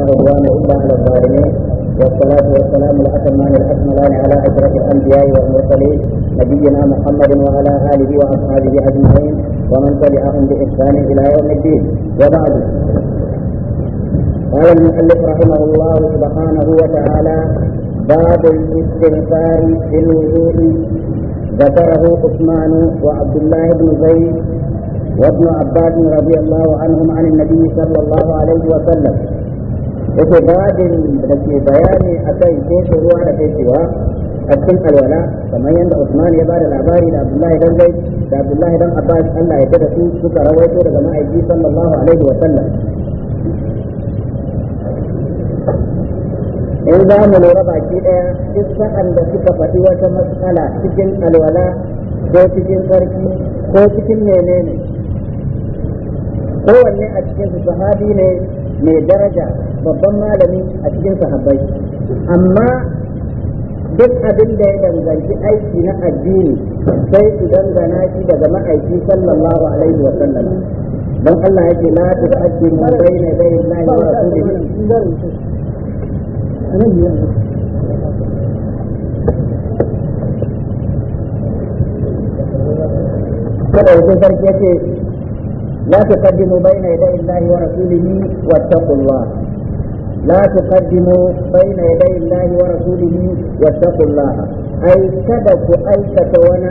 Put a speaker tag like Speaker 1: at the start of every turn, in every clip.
Speaker 1: رضوان الله على الظالمين والصلاة والسلام الأتمان الأكملان على أشرف الأنبياء والمرسلين نبينا محمد وعلى آله وأصحابه أجمعين ومن تبعهم بإحسان إلى يوم الدين وبعد قال المؤلف رحمه الله سبحانه وتعالى باب الاستغفار في الوجود ذكره عثمان وعبد الله بن زيد وابن عباس رضي الله عنهم عن النبي صلى الله عليه وسلم yake babin da ke bayani a ko shi ruwa da kai cewa a cikin alwala kamar yadda Usman ya bada labari da Abdullahi dan Zaid da Abdullahi dan Abbas Allah ya tada su suka rawaito daga ma'aiki sallallahu alaihi wa sallam in za mu lura baki ɗaya duk sa'an da suka faɗi wata matsala cikin alwala ko cikin sarki ko cikin menene kowanne a cikin sahabi ne mai daraja babban malami a cikin sahabbai amma duk abin da ya danganci aiki na addini sai su dangana shi daga ma'aiki sallallahu alaihi wa sallam don Allah yake la ta bai na yi wa rasulihi kada wajen sarki ya ce لا تقدموا بين يدي الله ورسوله واتقوا الله لا تقدموا بين يدي الله ورسوله واتقوا الله أي كدك أي كتوانا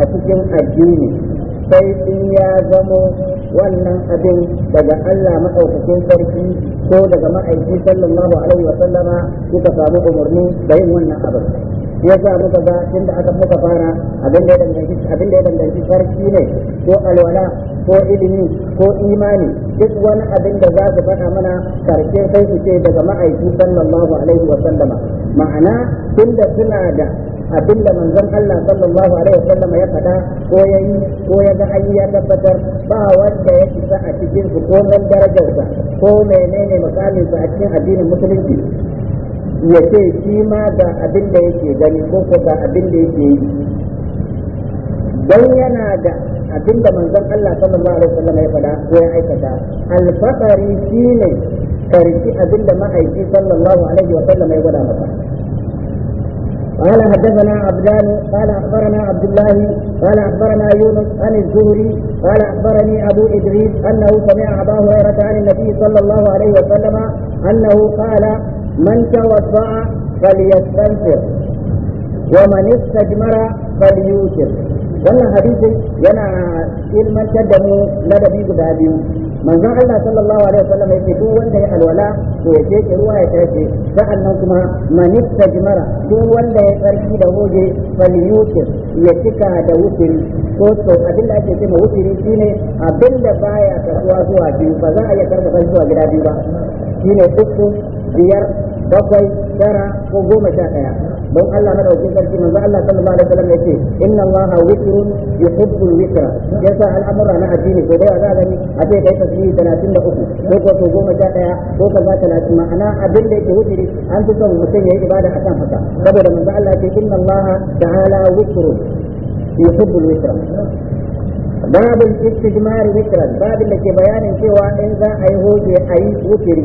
Speaker 1: أبو sai in ya zamo wannan abin daga Allah maɗaukakin sarki ko daga ma'aiki sallallahu alaihi wa sallama kuka samu umarni da yin wannan abin ya sa muka ga tun da aka muka fara abin da ya danganci sarki ne ko alwala ko ilimi ko imani duk wani abin da za su faɗa mana karshe sai su ce daga ma'aiki sallallahu alaihi wa sallama ma'ana tunda suna da abin da manzon Allah sallallahu alaihi wa sallama ya faɗa ko ya yi ko ya ga ayi ya tabbatar ba wanda ya isa a cikin su ko nan darajarsa ko menene misalinsa a cikin addinin musulunci ya ce shi ma ga abin da yake gani ko ko ga abin da yake yi dan yana da abin da manzon Allah sallallahu alaihi wasallam ya faɗa ko ya aikata alfaqari shine karki abin da ma'aiki sallallahu alaihi wasallam ya gwada maka قال حدثنا عبدان قال اخبرنا عبد الله قال اخبرنا يونس عن الزهري قال اخبرني ابو ادريس انه سمع ابا هريره عن النبي صلى الله عليه وسلم انه قال من توضا فليستنفر ومن استجمر فليوتر wannan hadisin yana ilmantar da mu ladabi guda biyu manzon Allah sallallahu alaihi wasallam yake duk wanda ya alwala to ya je ruwa ya tace sa'annan kuma manit tajmara duk wanda ya tsarki da hoje falyutir ya cika da wutiri ko to abin da ake ce ma wutiri shine abin da baya karbuwa zuwa biyu ba za a iya karbuwa zuwa gida biyu ba shine uku biyar bakwai tara ko goma sha ɗaya don Allah madaukakin sarki manzo Allah sallallahu alaihi wasallam yace inna Allah witrun yuhibbul witra yasa amra na ajini ko da za gani a ce kai tasbihi 33 ko ko to goma daya ko ka kaza 30 ma'ana abin da yake wutiri an ji son mutum yayi ibada akan haka saboda manzo Allah yace inna Allah ta'ala witrun yuhibbul witra babin istijmar witran babin da ke bayanin cewa in za a yi hoje a yi wutiri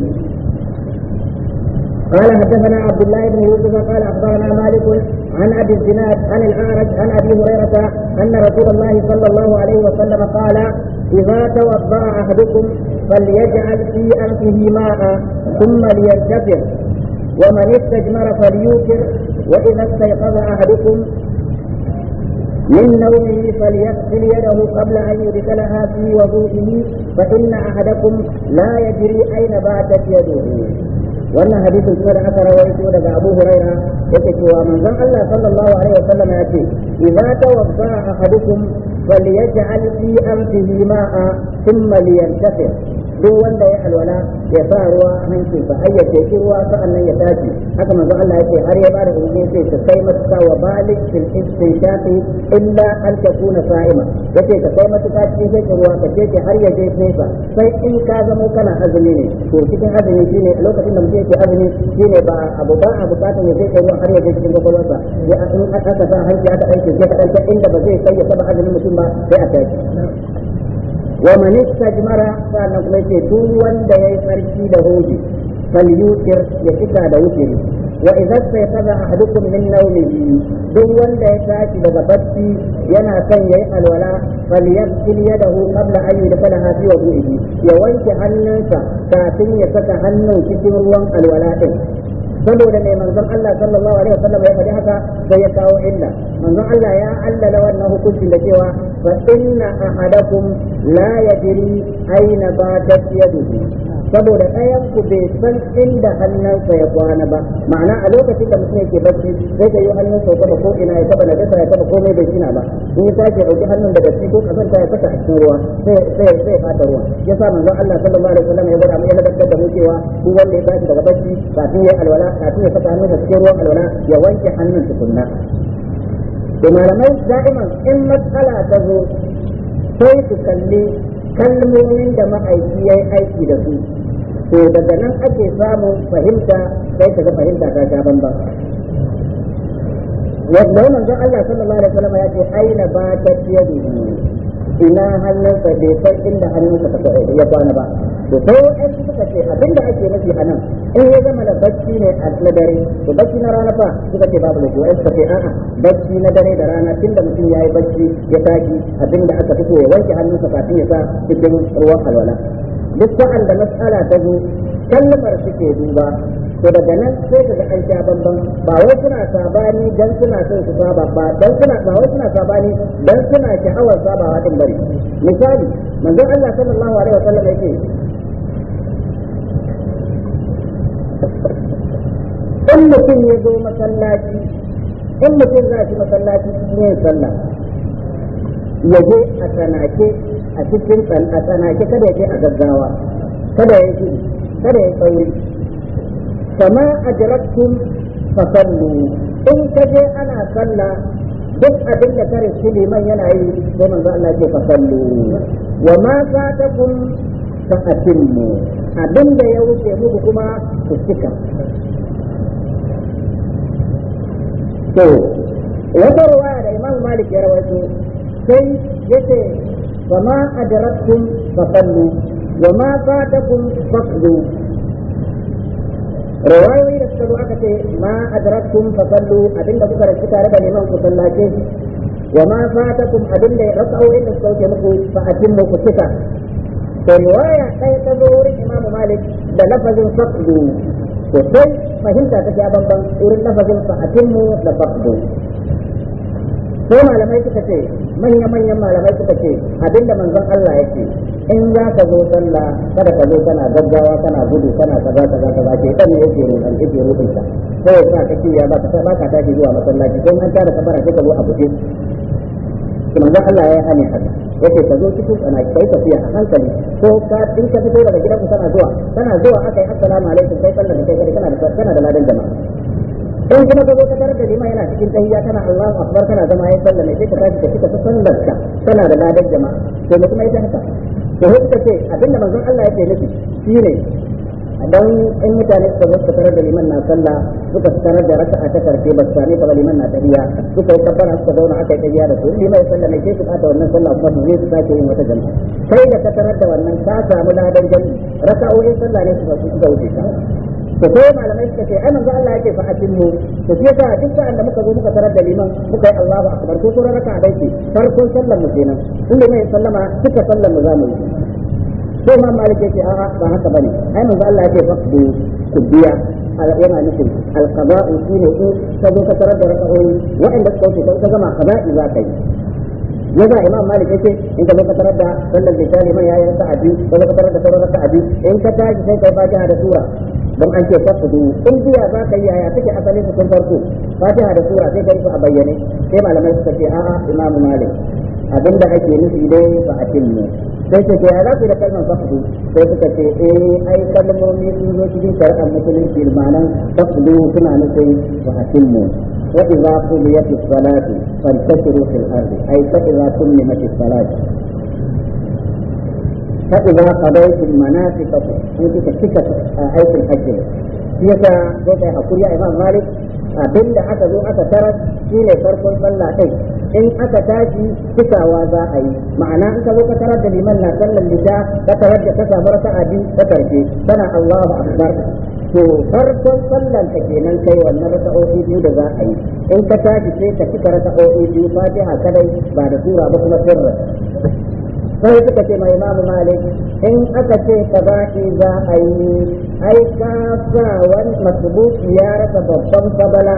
Speaker 1: قال حدثنا عبد الله بن يوسف قال اخبرنا مالك عن ابي الزناد عن الاعرج عن ابي هريره ان رسول الله صلى الله عليه وسلم قال اذا توضا احدكم فليجعل في انفه ماء ثم ليرتفع ومن استجمر فليوكر واذا استيقظ احدكم من نومه فليغسل يده قبل أن يدخلها في وضوئه فإن أحدكم لا يدري أين باتت يده wannan hadisin sai da aka rawaito daga Abu Huraira yake cewa manzon Allah sallallahu alaihi wasallam ya ce idza tawadda ahadukum falyaj'al fi amfihi ma'a thumma liyantafi duk wanda ya alwala ya sa ruwa hanci fa ai ya teki ruwa sa'annan ya tashi haka manzo Allah yake har ya ba da umarni sai ka kai masa wa balik fil istinshaqi illa an takuna sa'ima yace ka kai masa ka cikin sai ruwa ka ce har ya je fefa sai in ka zama kana azumi ne to cikin azumi shine a lokacin da mutum yake azumi shine ba abu ba a bukatun ya sai ruwa har ya je cikin kwakwalwarsa ya in aka sa hanci aka ɗauke ka ɗauke inda ba zai kai ya saba azumin mutum ba sai a tashi wa man istajmara sannan kuma yake duk wanda yayi sarki da hoji falyutir ya cika da wutiri wa idza sayfaza ahadukum min nawmihi duk wanda ya tashi daga bacci yana son yayi alwala falyaghsil yadahu qabla an yudkhala fi wudu'ihi ya wanke hannunsa kafin ya saka hannun cikin ruwan alwala din saboda mai manzon Allah sallallahu alaihi wasallam ya faɗi haka sai ya kawo illa manzon Allah ya allala wannan hukunci da cewa fa inna ahadakum la yadri aina batat yaduhu saboda ɗayan ku bai san inda hannunsa ya kwana ba ma'ana a lokacin da mutum yake bacci sai ka yi hannunsa ya ko ina ya taba najasa ya taba komai bai shina ba in ya tashi ɗauki hannun daga ciki ko kasanta ya saka a cikin ruwa sai sai fata ruwa ya sa manzon Allah sallallahu alaihi wasallam ya gwada mu ya ladabtar da mu cewa duk wanda ya tashi daga bacci kafin ya alwala kafin ya saka hannunsa cikin ruwan alwala ya wanke hannun tukunna da malamai da'iman in matsala ta zo sai su kalli kalmomin da ma'aiki ya yi aiki da su to daga nan ake samun fahimta sai ka ga fahimta ta sha bambam wanda manzon Allah sallallahu alaihi wasallam ya ce aina ba ta ni ina hannun ka bai san inda ka ta ya kwana ba to sai wasu suka ce abinda ake nufi a nan in ya zama da bacci ne a na dare to bacci na rana fa suka ce babu lafiya ai suka ce a'a bacci na dare da rana tunda mutum yayi yi bacci ya tashi abinda aka fito ya wanke ka kafin ya sa cikin ruwan alwala duk sa'an da matsala ta zo kalmar suke duba to daga nan sai ga an sha bamban ba wai suna sabani dan suna son su saba ba dan suna ba wai suna sabani dan suna sha'awar sabawa din bari misali manzon Allah sallallahu alaihi sallam yake in mutum ya zo masallaci in mutum za shi masallaci cikin yin sallah ya je a tsanake a cikin a tsanake kada ya je a gaggawa kada ya ji kada ya tsauri kama ajraktum fa sallu in ka je ana sallah duk abin da kare shi yana yi sai manzo Allah ke fa sallu wa ma fatakum fa atimmu abin da ya wuce muku kuma ku cika to wata ruwaya da Imam Malik ya rawaito kai yace wa ma adraktum fa sallu wa ma fatakum fasdu rawayoyi da suka zo aka ce ma adraktum fa sallu abinda kuka rasu tare da neman ku sallace wa ma fatakum abinda ya raka'o'in da suka wuce muku fa atimmu ku cika to riwaya kai ta zo wurin imam malik da lafazin fasdu to sai fahimta ta ta bambam wurin lafazin fa atimmu da fasdu sai malamai suka ce manya-manyan malamai suka ce abinda manzon Allah yake in za ka zo sallah kada ka zo kana gaggawa kana gudu kana kaza kaza kaza ke dan ne yake ruwan yake ruwan ka ko ya sa kake ya baka ta baka zuwa masallaci don an tara kabara sai ka zo a kuma manzon Allah ya hani haka yake ka zo cikin kana kai tafiya a hankali ko ka in ka fito daga gidanku kana zuwa kana zuwa akai assalamu alaikum kai sallah da kai kana da kana da ladan jama'a in kuma ka zo ka tarar da lima yana cikin tahiyya tana Allahu akbar kana zama sallah ne sai ka tashi ka cika sallar ka tana da ladan jama'a to ne kuma ita haka to ka ce abinda manzon Allah yake nufi shine dan in mutane suka zo su tarar da liman na sallah suka tarar da raka'a ta karfe ba su sami ba liman na tahiyya suka yi kabbara suka zauna aka yi tahiyya da su lima ya ne sai su ta wannan sallah kuma su zai su sake yin wata jami'a kai da ka tarar da wannan ka samu ladan jami'a raka'o'in sallah ne suka suka wuce ka to sai malamai suka ce ai manzo Allah yake fa'atin mu to sai ka duk sa'an da muka zo muka tarar da liman muka yi Allahu akbar ko sura raka a yake farkon sallar mu kenan inda mai sallama suka sallar mu zamu yi to ma malike yake a'a ba haka bane ai manzo Allah yake fa'atin ku biya yana nufin alqada'u shine in ka zo ka tarar da raka'o'i wa'anda suka wuce ka gama qada'i za ka yi yasa imam malik yace in ka zaka tarar da sallar da shali mai yayin sa'a biyu ka zaka tarar da sauran sa'a biyu in ka tashi sai ka fatiha da sura don an ce fasdu in biya za ka yaya take asalin su farko fatiha da sura sai kai su a bayyane sai malamai suka ce a'a imam malik abinda ake nufi dai ba a cin ne sai ce ya za ku da kalmar fasdu sai suka ce eh ai kalmomi sun zo cikin shari'ar musulunci ma'anan fasdu suna nufin ba a cin mu wa idza quliyat as-salatu fantashiru fil ardi ai fa idza qulimat as-salatu فإذا قضيتم مناسككم aikin تكتب أيك الحج كيف كيف أقول يا إمام مالك abin da aka zo aka tarar shi ne farkon sallah in aka tashi cikawa za a yi ma'ana in ka zo ka tarar da liman na sallar lisha ka tarar da ka samu raka'a biyu ta karshe tana Allahu akbar to farkon sallan ta kenan kai wannan raka'o'i biyu da za a yi in ka tashi sai ka cika raka'o'i biyu fatiha kadai ba da sura ba kuma sirra sai suka ce mai imamu malik in aka ce ka za a yi ai ka sa wani ya rasa babban fadala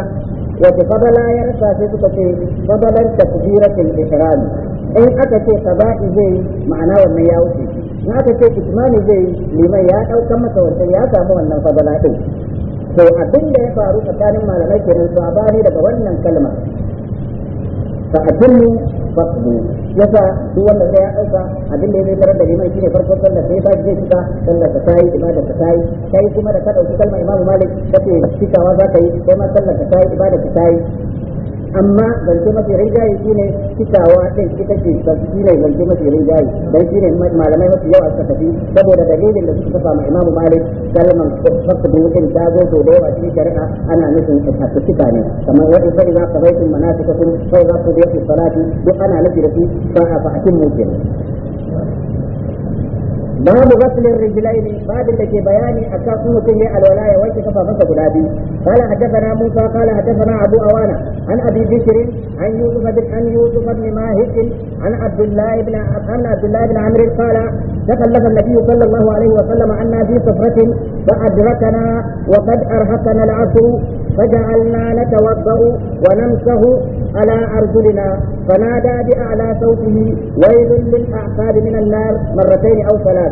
Speaker 1: wata fadala ya rasa sai suka ce fadalan ke ihram in aka ce sabahi zai ma'ana wannan ya wuce in aka ce kitmani zai liman ya ɗaukan masa wancan ya samu wannan fadala ɗin to abin da ya faru tsakanin malamai kenan bani daga wannan kalma fa fasbu yasa duk wanda ya dauka abin da ya tarar da liman shine farkon sallar sai ba zai fita sallar ka tayi ibada ka tayi kai kuma da ka dauki kalmar imamu malik kace fitawa za ka yi kai ma sallar ka tayi ibada ta tayi amma zance mafi rinjaye shine cikawa ɗin ita ce shine zance mafi rinjaye dan ne malamai mafi yawa suka tafi saboda dalilin da suka ma imamu Malik salman fakka bin wukin ta zo so da yawa shi shari'a ana nufin hakika ne kamar wani sai za ka baitin manasikakum sai za ku su salati duk ana nufi da su ba a akin mukin باب غسل الرجلين باب التي بيان اساسه مسيح الولاية ويك فصفص قلابي قال حدثنا موسى قال حدثنا أبو أوانا عن أبي بكر عن يوسف بن عن يوسف بن ماهر عن عبد الله بن عن عبد الله بن عمرو قال تكلف النبي صلى الله عليه وسلم عنا في صفرة فأدركنا وقد أرهقنا العصر فجعلنا نتوضأ ونمسه على أرجلنا فنادى بأعلى صوته ويل للأعقاب من النار مرتين أو ثلاث ƙasa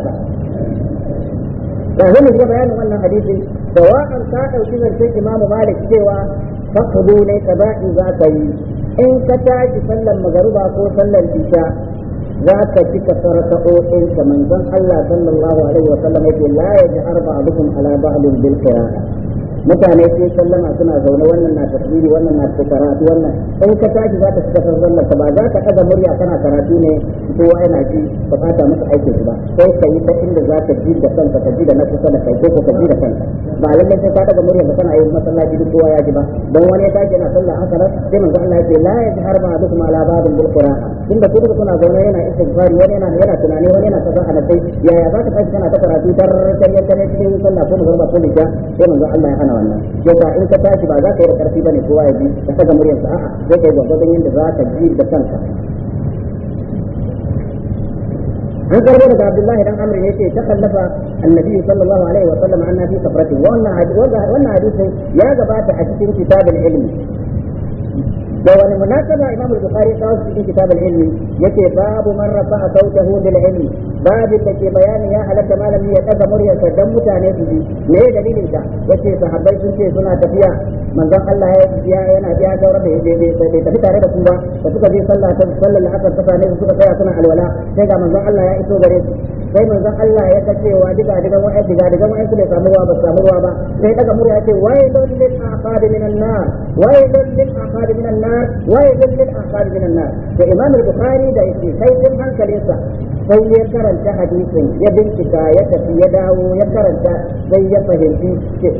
Speaker 1: yanzu mu je bayanin wannan hadisin da waƙar ta ɗauki zancen imamu malik cewa faqdu ne kaza'i za ka yi in ka tashi sallan magaruba ko sallan isha za ka cika saraka'o'in ka manzon Allah sallallahu alaihi wa sallam yake la yaj'ar ba'dukum ala bil qira'a mutane sun sallama suna zaune wannan na tasiri wannan na karatu wannan in ka tashi za ka shiga sallar ka ba za ka ɗaga murya kana karatu ne ko kowa yana ji ka fata musu aikin ba sai ka yi ta inda za ka ji da kanka ka ji da na kusa da kai ko ka ji da kanka ba lallai sai ka ɗaga murya ka kana yin masallaci duk kowa ya ji ba don wani ya tashi yana sallah haka nan sai manzo Allah ya ce la ya yajhar ba duk ma la babun bil qira'a inda ku duka kuna zaune yana istighfari wani yana yana tunani wani yana kaza a nan sai yaya za ka tashi kana ta karatu tar tar tar cikin sallah ko magana ko lisha sai manzo Allah ya hana hana wannan ya in ka tashi ba za ka yi da karfi bane kowa ya ji ka saka muryarsa a'a sai ka yi gwagwadon da za ka ji da kanka an karbo daga abdullahi dan ya ce ta kallafa annabi sallallahu alaihi wa sallam anna fi wannan wannan hadisin ya gabata a cikin kitabul ilimi. da wani munasaba imamu bukhari kawo su cikin kitab al-ilmi yace babu man hudu sautahu bil ilmi babu da ke bayani ya halatta malami ya daga muryarsa dan mutane su ji me dalilin ka yace sahabbai sun ce suna tafiya manzon Allah ya yana ya ga rabbi dai dai bai tafi tare da su ba da suka je sallah ta sallar al-asr suka suka tsaya suna alwala sai ga manzon Allah ya iso gare su sai zan Allah ya ka cewa diga diga wa'ai diga diga wa'ai su bai samu ruwa ba samu ruwa ba sai daga murya ya ce wailun lil aqad min an-nar wailun lil aqad min an-nar wailun lil aqad min annar da Imam al-Bukhari da yake sai din hankalinsa sai ya karanta hadisin ya bincika ya tafi ya dawo ya karanta sai ya fahimci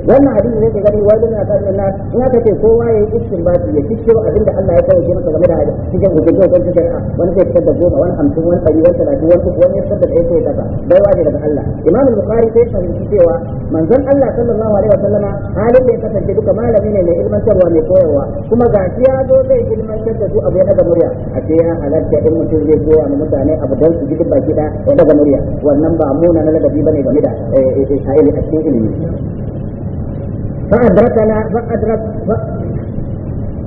Speaker 1: wannan hadisi ne ke gani wailun lil aqad min annar ina in aka ce kowa ya yi istinbati ya cikin abinda Allah ya kawo masa game da hadisi cikin hukunce-hukuncen shari'a wani zai fitar da goma wani hamsin wani ɗari wani talatin wani uku wani ya fitar da ɗaya sai ya ba bai waje daga Allah Imam Bukhari sai fahimci cewa manzon Allah sallallahu alaihi wasallama halin da ya kasance duka malami ne mai ilmantarwa mai koyarwa kuma ga shi ya zo zai ilmantar da su abu ya daga murya a ce ya halatta in mutum zai koya ma mutane abu don su gidi baki da ya daga murya wannan ba muna na ladabi bane game da eh, eh, eh, a cikin ilimi fa adrak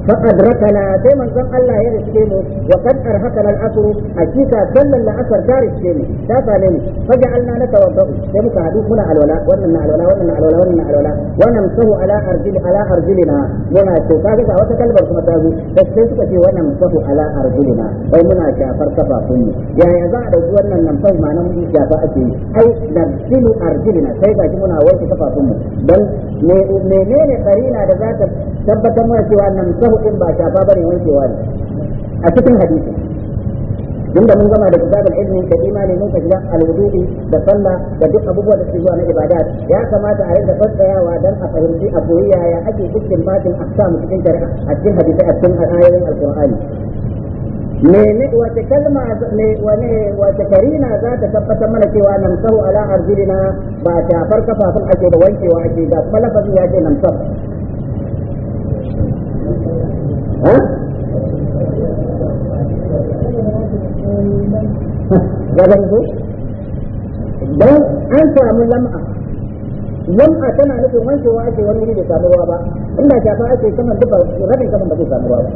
Speaker 1: فأدركنا دائما زم الله يرسكينه وقد أرهقنا الأسر أشيكا دل الأسر دار الشيني تافاني فجعلنا نتوضأ سيمك حديث هنا الولاء وننا الولاء وننا الولاء وننا الولاء ونمسه على أرجل على أرجلنا وما شوفا كذا وتكلم كما تازو تشتيتك في ونمسه على أرجلنا أو منا شافر كفا كني يا يا زعد وانا نمسه ما نمسه شافا أكي أي نرسل أرجلنا سيدا كمنا ويش كفا كني بل منين قرينا لذات tabbatar mana cewa nan sahu din ba shafa bane wankewa ne a cikin hadisi inda mun gama da kitabul ilmi da imani mun kaji alwudu'i da sallah da duk abubuwa da suke zuwa na ibada. ya kamata a rinka tsatsayawa dan a fahimci a koyi yaya ake cikin batin aqsam cikin shari'a a cikin hadisi a cikin ayoyin ne mene wace kalma ne wane wace karina za ta tabbatar mana cewa namsahu ala arzilina ba ta farka fafin ake da wankewa ake ga kuma lafazin ya ce namsahu ya zama ko an samu lam'a lam'a tana nufin wancewa ake wani wuri da samu ruwa ba inda shafa ake saman duka rabin saman ba zai samu ruwa ba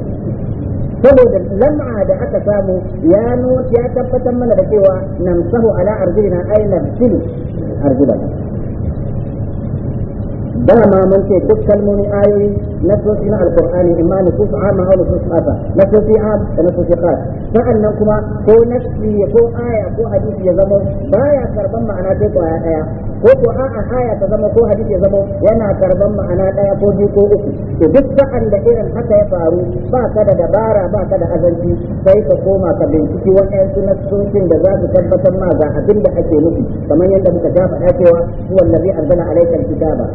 Speaker 1: saboda lam'a da aka samu ya ya tabbatar mana da cewa namsahu ala arzina ay nabsilu arzina dama mun ce duk kalmomin ayoyi na sosi na alkur'ani imma ne kusa amma hau su kasa na sosi da na sosi khas sa'annan kuma ko nafsi ko aya ko hadisi ya zama baya karban ma'ana sai ko daya ko ko a'a aya ta zama ko hadisi ya zama yana karban ma'ana ɗaya ko biyu ko uku to duk sa'an da irin haka ya faru ba ka da dabara ba ka da azanci sai ka koma ka binciki wa'ansu nasosin da za su tabbatar ma ga abin ake nufi kamar yadda muka ja cewa huwa allazi anzala alaykal kitaba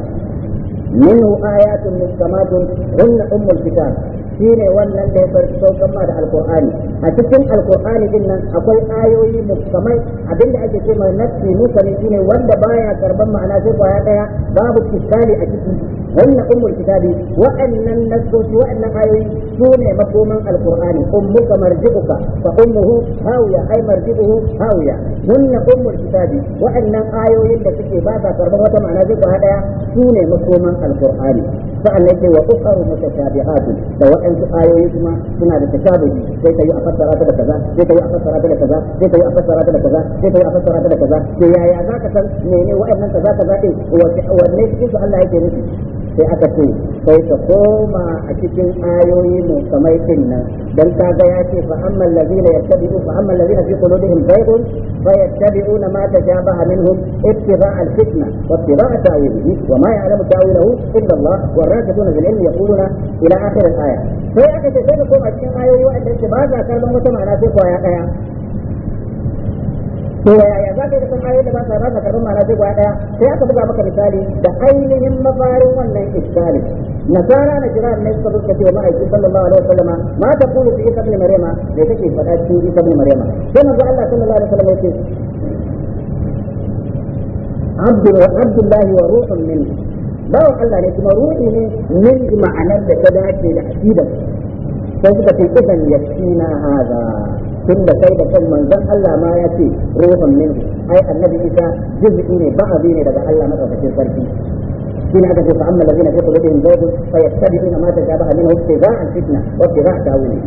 Speaker 1: منه آيات محكمات هن أم الكتاب shine wannan da ya farki saukan ma da alkur'ani a cikin alkur'ani din nan akwai ayoyi musamman abinda ake ce mai nassi mukami shine wanda baya karban ma'ana sai kwaya daya babu kisali a ciki wannan ummul kitabi wa'annan nassoci wa'annan ayoyi sune makoman alkur'ani ummu kamar jibuka fa ummuhu hawiya ay marjibuhu hawiya wannan ummul kitabi wa'annan ayoyin da suke ba sa karban wata ma'ana sai kwaya daya sune makoman alkur'ani sa'an yake wa ukharu mutashabihatun da waɗansu ayoyi kuma suna da tashabuhi sai ka yi a fassara ta da kaza sai ka yi a fassara ta da kaza sai ka yi a fassara ta da kaza sai ka yi a fassara ta da kaza to yaya za ka san mene waɗannan kaza kaza ɗin wanne cikin su Allah yake nufi sai aka ce sai ka koma a cikin ayoyi mu kamar din nan dan ka ga ya ce fa amma allazina yattabi'u fa amma allazina fi qulubihim zaygun fa yattabi'una ma tajabaha minhum ittiba'a al-fitna wa ittiba'a ta'wilihi wa ma ya'lamu ta'wilahu illa Allah والراشدون في العلم يقولون الى اخر الايه sai aka ce sai ka koma cikin ayoyi wa'anda yake ba za karɓar wata ma'ana sai kwaya daya to yaya za ka yi da san ayoyi da ba za ba karɓar ma'ana sai kwaya daya sai aka buga maka misali da ainihin mafarin wannan iskali nasara na jira ne suka suka ce ma'aikin sallallahu alaihi wasallam ma ta kulu fi isa ibn maryama da kake faɗa cikin isa ibn maryama sai manzo Allah sallallahu alaihi wasallam yake عبد عبد الله وروح منه bawan Allah ne kuma ruhi ne min ma'anar da ta dace da aqidar sai suka ce idan yakina hada tun da kai da kan manzon Allah ma ya ce ruhun min ai annabi Isa juz'i ne bi ne daga Allah madaukakin sarki الذين هدفوا فاما الذين في قلوبهم زيغ فيتبعون ما تشابه منه ابتغاء الفتنه وابتغاء تاويله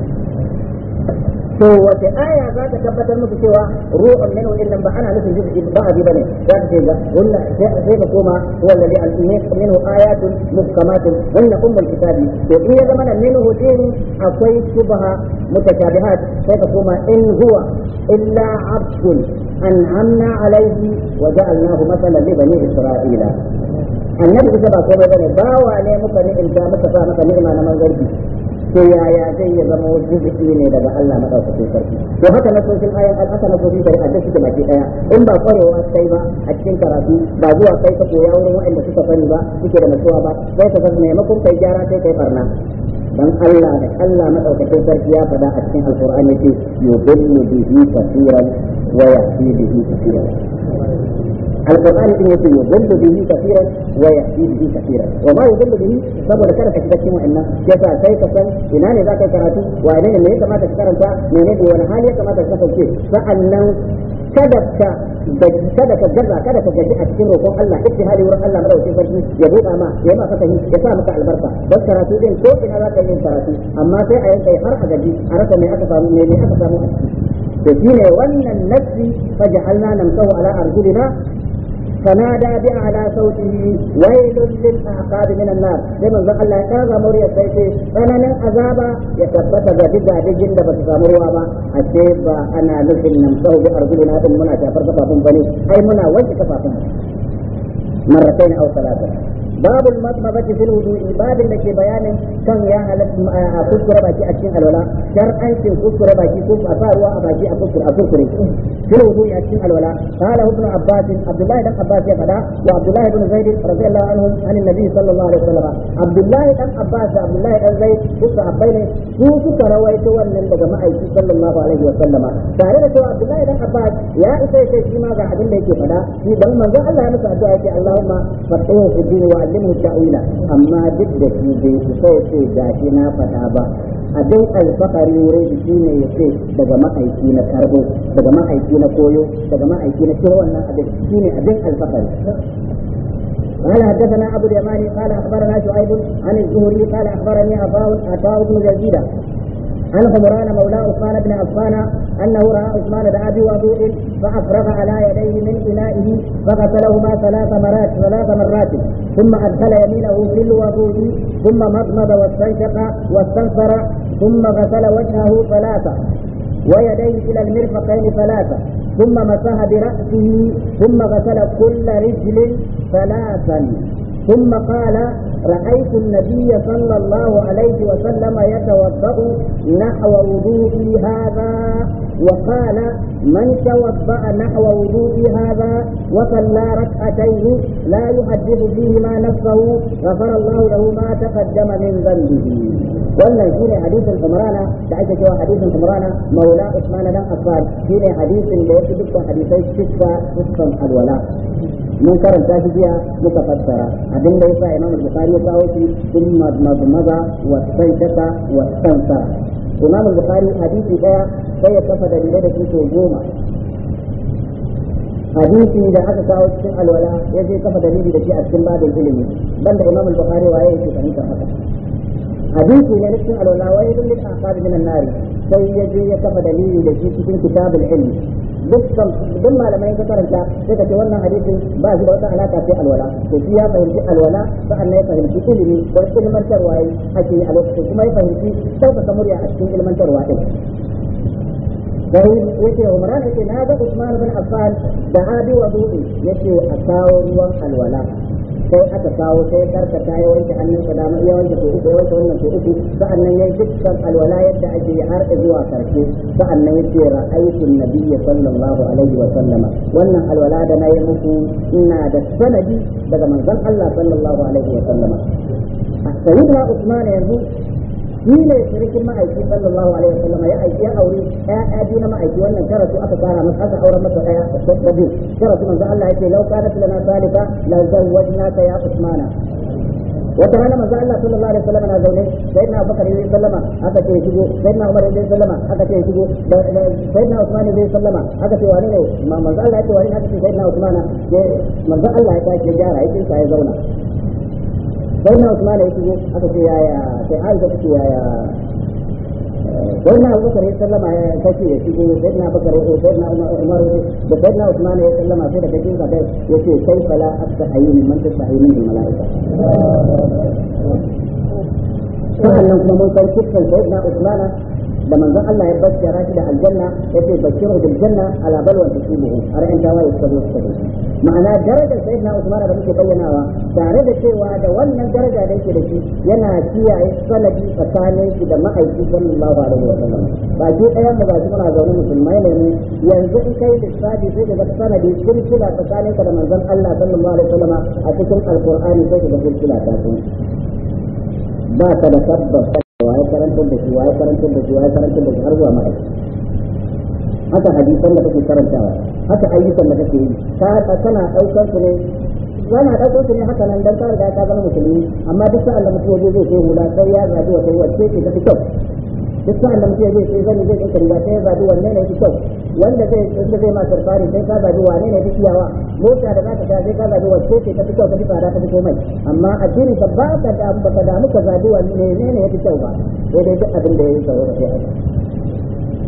Speaker 1: to wace aya za ta tabbatar muku cewa ru'un min wannan ba ana nufin juz'i ba'di bane za ta ce ga wannan sai ka koma huwa alladhi al-inna minhu ayatun muhkamatun wannan ummul kitabi to in ya zama nan minhu din akwai shubha mutashabihat sai ka koma in huwa illa abdun an'amna alayhi wa ja'alnahu masalan li bani isra'ila annabi ba komai bane bawa ne muka ni'imta muka sa maka ni'ima na manzarki to yaya zai ya zama wajen biki ne daga Allah madaukakin sarki to haka na sosin ayan haka na sosin a da suke baki ɗaya in ba kwarewa sai ba a cikin karatu ba zuwa kai ka koya wurin waɗanda suka sani ba suke da masuwa ba sai ka zama maimakon kai gyara sai kai barna dan Allah da Allah madaukakin sarki ya faɗa a cikin alqur'ani ce yudillu bihi kaseeran wa yahdi bihi kaseeran القرآن إن يضل به كثيرا به كثيرا وما يضل به sai ka san ina ne za ka karatu wa ne ne ya kamata ka karanta a cikin roƙon Allah ittihadi wurin Allah madaukakin sarki ya buɗa ya ma fata yi ya sa albarka don karatu ko ina za ka yi amma sai a yanka har a rasa wannan فنادى بأعلى صوته ويل للأعقاب من النار لما ذا الله كذا مريا سيتي أنا لن أذاب يتبت ذا جدا بتسامر وابا أشيب أنا نزل نمسه بأرجلنا ثم منا شافر كفافهم بني أي منا وجه كفافهم مرتين أو ثلاثة babu al-masmabati fil wudu'i babin da ke bayanin kan ya halatta a kuskure baki a cikin alwala shar'an ce kuskure baki ko a sa a baki a kuskure a kuskure fil wudu'i a cikin alwala qala ibn abbas abdullahi dan abbas ya wa abdullahi ibn zaid radiyallahu anhu an annabi sallallahu alaihi wasallam abdullahi dan abbas abdullahi dan zaid kuka abaine su suka rawaito wannan daga ma'aiki sallallahu alaihi wasallam tare da cewa abdullahi dan abbas ya isa sai shi ma ga abin da yake fada ya masa addu'a yu'allimu ta'ila amma duk da shi bai su sauke gashi na fada ba abin alfahari wurin shi shine ya ce daga ma'aiki na karbo daga ma'aiki na koyo daga ma'aiki na kira wannan abin a abin alfahari قال حدثنا ابو اليماني قال اخبرنا شعيب عن الزهري قال اخبرني عطاء عطاء بن يزيد عن غمران مولى عثمان بن عفان انه راى عثمان بابي وضوء فافرغ على يديه من انائه فغسلهما ثلاث مرات ثلاث مرات ثم ادخل يمينه في الوضوء ثم مضمض واستنشق واستنثر ثم غسل وجهه ثلاثه ويديه الى المرفقين ثلاثه ثم مسح براسه ثم غسل كل رجل ثلاثا ثم قال رأيت النبي صلى الله عليه وسلم يتوضأ نحو وضوئي هذا وقال من توضأ نحو وضوئي هذا وصلى ركعتين لا يحدث فيهما نفسه غفر الله له ما تقدم من ذنبه. قلنا هنا حديث القمرانة تعيش سوى حديث القمرانة مولى عثمان لا عفان هنا حديث ليس حديثي الشفا قصة الولاء. mun karanta shi jiya muka fassara abin da yasa imam al-bukhari ya kawo shi sun madmaza wa sayyata wa tansa imam bukhari hadisi daya sai ya kafa dalilai da shi goma hadisi da aka kawo cikin alwala ya je kafa dalili da shi a cikin babin ilimi banda imam al-bukhari waye yake fahimtar haka hadisi ne cikin alwala wa ibn lil aqab min an sai ya je ya kafa dalili da shi cikin kitabul ilmi dukkan duk malamai ka karanta sai hadisin ba shi da wata alaka alwala to ya fahimci alwala sa'an ya fahimci ilimi ko ilmantarwa yi fahimci sauƙaƙa murya a cikin ilmantarwa da yake ruwan alwala sai aka kawo sai karkata ya wanke hannun sa dama ya wanke wanke wannan uku sa'annan yayi dukkan alwala yadda ake yi har zuwa karshe sa'annan yace ra'aytun nabiyyi sallallahu alaihi wa wannan alwala da nayi muku ina da sanadi daga manzon Allah sallallahu alaihi wa sayyidina Usman yanzu shi ne shirikin ma'aiki sallallahu alaihi wa wasallam ya aiki ya aure ya biyu na ma'aiki wannan karatu aka fara masa aka aure masa ɗaya da biyu karatu manzo Allah yake law kana lana salika law zawwajnaka ya usmana wata rana manzo Allah sallallahu alaihi wa wasallam na zaune sai na Abubakar yayin sallama aka ce shigo sai na Umar yayin sallama aka ce shigo sai na Usman yayin sallama aka ce wani ne manzo Allah ya ce wani ne aka ce sai na Usman manzo Allah ya ce gyara yake sai ya zauna sai na Usman ya shigo aka ce yaya sai Aisha ta ce yaya sai na Abubakar ya sallama ya kace ya shigo sai na Abubakar ya sai na Umar da sai na Usman ya sallama sai da kace ka dai yace kai fala astahayi man tasahayi min malaika sa'annan kuma mun san kifin sai na Usman da manzon Allah ya bakkara shi da aljanna yace bakkiru bil janna ala balwa tusibuhu har in dawa ya sabo sabo ma'ana darajar sai na Usman da muke bayyanawa tare da cewa da wannan daraja da yake da shi yana kiyaye salafi tsakanin shi da ma'aiki sallallahu alaihi wa sallam ba ke daya da ba ki muna zaune musulmai ne mu yanzu in kai lissafi sai da sanadi sun kula tsakanin ka da manzon Allah sallallahu alaihi wa sallam a cikin alqur'ani sai da sun kula ta ku ba ta da tabbas wa ya karanta da shi wa ya karanta da shi wa ya karanta da shi har zuwa ma'aiki haka hadisan da kake karantawa haka ayyukan da kake yi ka kana daukar su ne yana daukar su ne haka nan dan ka riga ka zama musulmi amma duk sa'an da mutum waje zai kai hula sai ya zabi wa wacce ce ta fi kyau duk sa'an da mutum zai sai zai zai kai riga sai ya zabi wanne ne fi kyau wanda zai wanda zai ma sarfari sai ka zabi wa ne fi yawa mota da zaka ta sai ka zabi wa ce ta kyau ka fi tsada ta fi komai amma a jiri ka da ba ka damu ka zabi wanne ne ne ya fi kyau ba sai dai duk abin da ya yi sauraro sai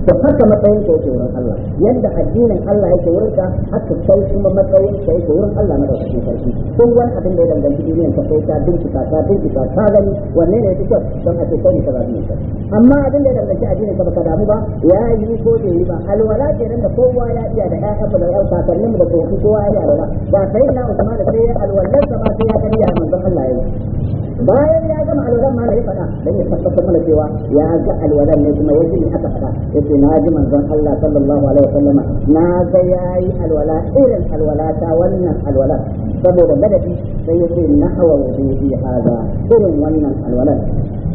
Speaker 1: to haka matsayin ka yake wurin Allah yadda addinin Allah yake wurin ka haka kai kuma matsayin ka yake wurin Allah madaukakin sarki ko wani abin da ya danganci duniyar ka sai ka bincika ka bincika ka gani wanne ne yake kyau don a ce kai ka zabi ka amma abin da ya danganci addinin ka baka damu ba ya yi ko bai yi ba alwala ke nan da kowa ya iya da ƴaƴan mu da ƴan kakannin mu da tsofi kowa ya yi alwala ba sai na Usman sai alwalar sa ba sai ya gani ya manzon Allah ya yi bayan ya gama alwalan ma ya faɗa dan ya tabbatar mana cewa ya ga alwalan ne kuma yaji ne aka faɗa yace na ji manzon Allah sallallahu alaihi wasallama na ga yayi alwala irin alwala ta wannan alwala saboda ladabi sai yace nahwa wudu'i hada irin wannan alwalan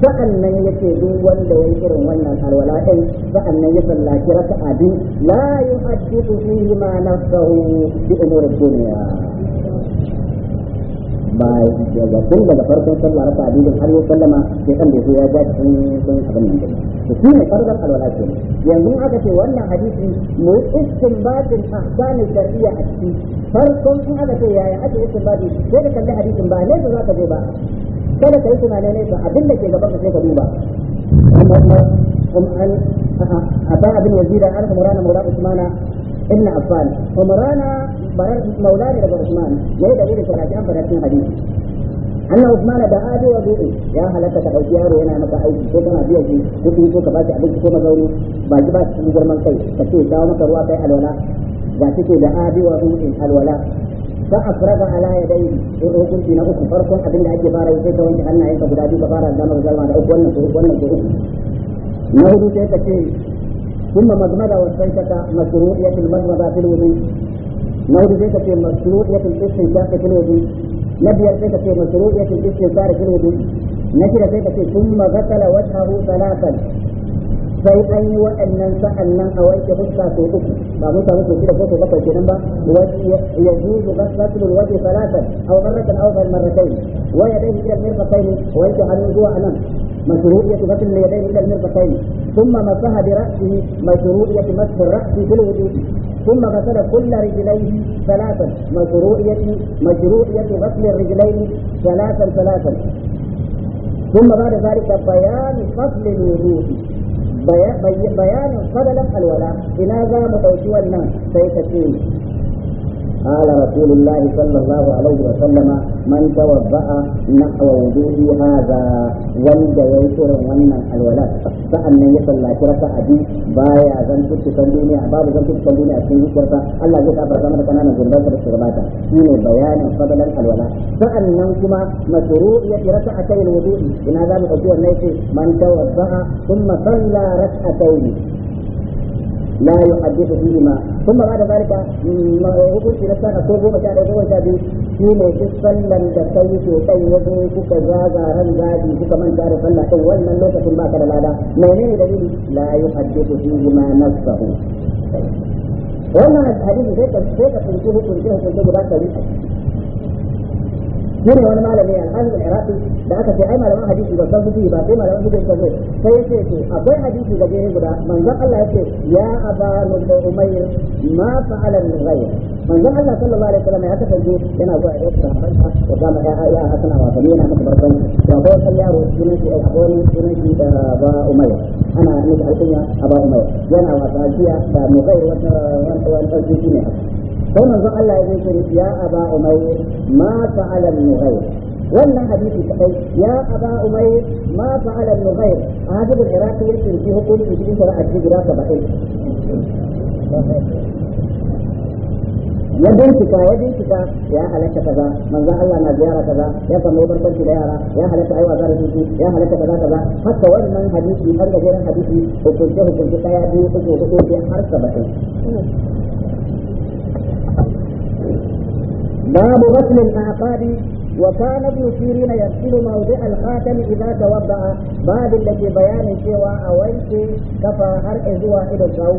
Speaker 1: sa'annan yace duk wanda yayi irin wannan alwala din sa'annan ya sallaki raka'a biyu la yuhaddithu fihi ma nafsuhu bi umuri dunya ba ya tun daga farkon sallah raka biyu har ya sallama sai kan bai ya ja cikin sun abin nan to shi ne farkon alwala ke yanzu aka ce wannan hadisi mu istinbatin ahkamin shar'iyya a ciki farkon in aka ce yaya ake istinbati sai ka kalli hadisin ba ne za ka je ba kada ka yi tunani ne ba abin da ke gaban ka sai ka duba kuma an a ba abin yazida an murana murana usmana ابن عفان عمران مولاه لابن عثمان وهي دليل صلاة أنفر الحديث أن عثمان دعا بوضوء يا هلك تحوك يا روينا مكا أيكي كو كما بيه جي كو كي كو كباك أبيك كو مزوني باجي باك مجر من كي تكي داو مكا روا كي الولا ذاتك دعا بوضوء الولا فأفرغ على يديه إن أكون في نقص فرق أبين لأجي فارا يسيك وانت أنا عيسى قد أبيك فارا دام رجال ما دعوك وانا سوك وانا سوك نهدو تيتا كي ثم مضمضة وشيكة مشروعية المضمضة في الوضوء نوري زيتة في مشروعية الاستنشاق في الوضوء نبي زيتة في مشروعية الاستنشاق في الوضوء نشر زيتة في ثم غسل وجهه ثلاثا شيئا وان ننسى ان ننقى وجه غصة توقف بعض غصة غصة كده غصة بطل في نمبا يجوز غسل الوجه ثلاثا او مرة او مرتين ويديه الى المرفقين ويجعل الوجوه امام مشروعية غسل اليدين إلى المرفقين ثم مسح برأسه مشروعية مسح الرأس في الوجود ثم غسل كل رجليه ثلاثا مشروعية مشروعية غسل الرجلين ثلاثا ثلاثا ثم بعد ذلك بيان فصل الوضوء بيان فضل الولاء إلى ذا متوشي الناس سيكتين قال رسول الله صلى الله عليه وسلم من توضأ نحو وضوء هذا wanda ya yi irin wannan alwala sa'an nan ya sallaci raka a biyu baya zan tuttukan duniya babu zan tuttukan duniya cikin zuciyarsa Allah zai gafarta mana kananan zurbansa da gabata shine bayanin fadalan alwala sa'an nan kuma masru'iyati raka'atayil wudu'i ina za mu dauki wannan yace man tawadda'a thumma salla raka'atayni لا يحدث فيهما ثم بعد ذلك ما هو في نفسه أقول ما شاء الله shi ne duk sallan da kai to kai ya kuka zaga ran gadi kuka manta da sallah to wannan lokacin ba ka da lada menene dalili la yuhaddithu fihi ma nafsahu wannan hadisi sai ka sai ka tunce hukunce hukunce guda ɗari a ciki shine wani malami al-Hafiz al da aka ce ai malaman hadisi ba san fiqh ba sai malaman fiqh sun zo sai yace to akwai hadisi da gare guda manzon Allah ce ya aba umayr ma fa'ala al-ghayr manzon Allah sallallahu alaihi wasallam ya kasance yana zuwa ya tsara kansa ko kuma ya ya hasana wa kamar yana masa barkan da ko san yaro sunan shi al-Abani sunan shi da ba umayr ana nufi alƙunya aba umayr yana wasa da mu kai wata wani ɗauki ne sai manzo Allah ya ce ya aba umayr ma fa'ala nughayr wannan hadisi kadai ya aba umayr ma fa'ala nughayr hadu bil iraqi yake ji hukunci cikin sura al gida ka ba'i ya bincika ya bincika ya halatta kaza manzo Allah na ziyara kaza ya samu barkanci da yara ya halatta aiwa da rubutu ya halatta kaza kaza haka wannan hadisi har da hadisi hukunce hukunce kaya biyu uku hudu biyar har saba'in باب غسل الاعقاب وكان ابن سيرين يغسل موضع الخاتم اذا توضا بعد التي بيان سوى اويت كفى هر ازوى الى الجو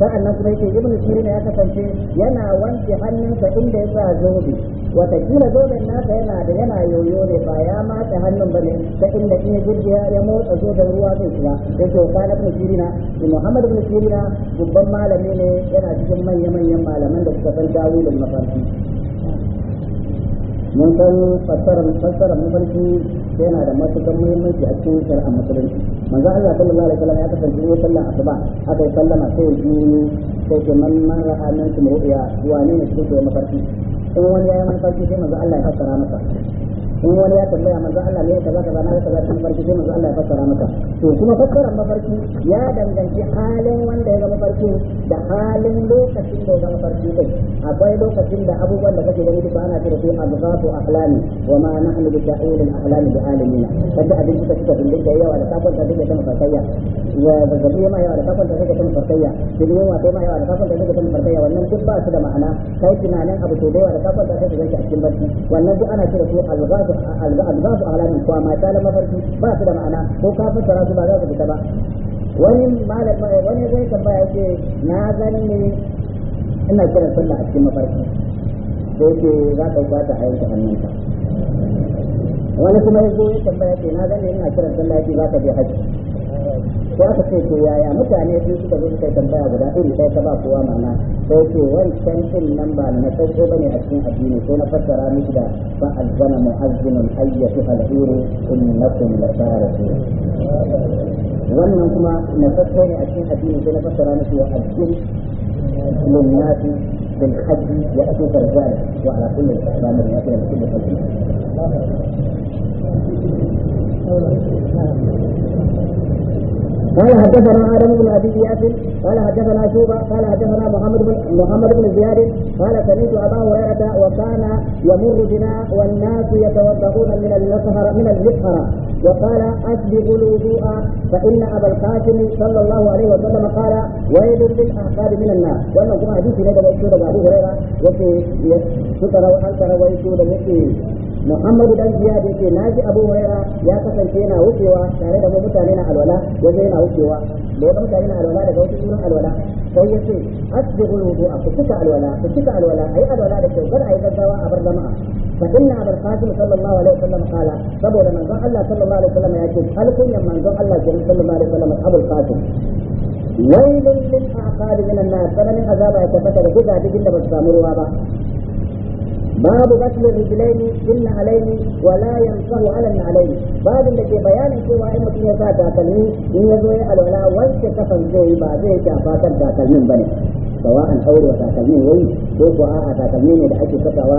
Speaker 1: sa'annan kuma yake ibnu sirin ya kasance yana wanke hannunsa inda ya sa zobe watakila zoben nasa yana da yana yoyo ne ba ya matsa hannun ba ne ta inda in jirgiya ya motsa zoben ruwa zai shiga ya ce ka na sirina da sirina babban malami ne yana cikin manya-manyan malaman da suka san na mafarki mun san fassarar fassarar mafarki yana da matukar muhimmanci a cikin shari'a musulunci manzo Allah sallallahu alaihi wasallam ya kasance ya sallan asuba aka sallama sai ya ji sai ya man man ra'a min ya wani ne shi suke mafarki in wani ya yi mafarki sai manzo Allah ya fassara masa in wani ya tambaya manzo Allah ne kaza kaza na kaza cikin farki sai manzo Allah ya fassara maka to kuma fassarar mafarki ya danganci halin wanda ya ga mafarki da halin lokacin da ya ga mafarki akwai lokacin da abubuwan da kake gani duka ana ce da su azghatu ahlami wa ma nahnu bi ta'il al ahlami bi alamina kada abin da kake da yawa da kafin da kake wa ma yawa da kafin da kake yawa yawa da kafin da kake wannan duk ba su da ma'ana kai tunanin abu to da yawa da kafin da kake a cikin barci wannan duk ana albasu ahlamin ko mata ta mafarki ba su da ma'ana ko ka fassara su ba za su fita ba wani malam wani zai tambaya yake na gani ne ina kira sallah a cikin mafarki da yake za ka kwata a yanke hannunka wani kuma ya tambaya yake na gani ina kira sallah yake za ka je hajji ko aka ce ke yaya mutane sun suka zo suka tambaya guda iri sai ta ba kowa ma'ana ko ce wancan din nan ba na sauko bane a cikin addini ko na fassara miki da fa azana mu'azzinun ayyatu al-huru innakum la tarafu wannan kuma na sauko ne a cikin addini ko na fassara miki wa addin linnati bil hajji ya ake farjani wa ala kulli salamin ya kira kulli hajji قال حدثنا ادم بن ابي ياسر قال حدثنا شوبه قال حدثنا محمد بن محمد بن زياد قال سمعت ابا هريره وكان يمر بنا والناس يتوضؤون من المسهره من المسهره وقال اسبغوا الوضوء فان ابا القاسم صلى الله عليه وسلم قال ويل للاعقاب من النار وانا كما حديث هذا ابو هريره وفي ستر وانت رويت muhammadu dan ziyad yake naji abu huraira ya kasance yana wucewa tare da mutane na alwala waje yana wucewa da ya mutane na alwala daga wata wurin alwala sai ya ce asbighul wudu'a ku cika alwala ku cika alwala ayi alwala da kyau kada ayi gaggawa a bar jama'a fa inna abul qasim sallallahu alaihi wasallam qala saboda manzon Allah sallallahu alaihi wasallam ya ce alkunyan manzon Allah sallallahu alaihi wasallam abul qasim wailun lil min an-nar sanan azaba ya tabbata da gudaje da ba samu ruwa ba باب غسل الرجلين بالنعلين ولا ينصه على النعلين باب da ke bayanin cewa in mutum ya sa takalmi in ya ya alwala wanke kafan zai ba zai shafa kan takalmin bane sawa'an aure wa takalmi wai ko ko a'a takalmi ne da ake sakawa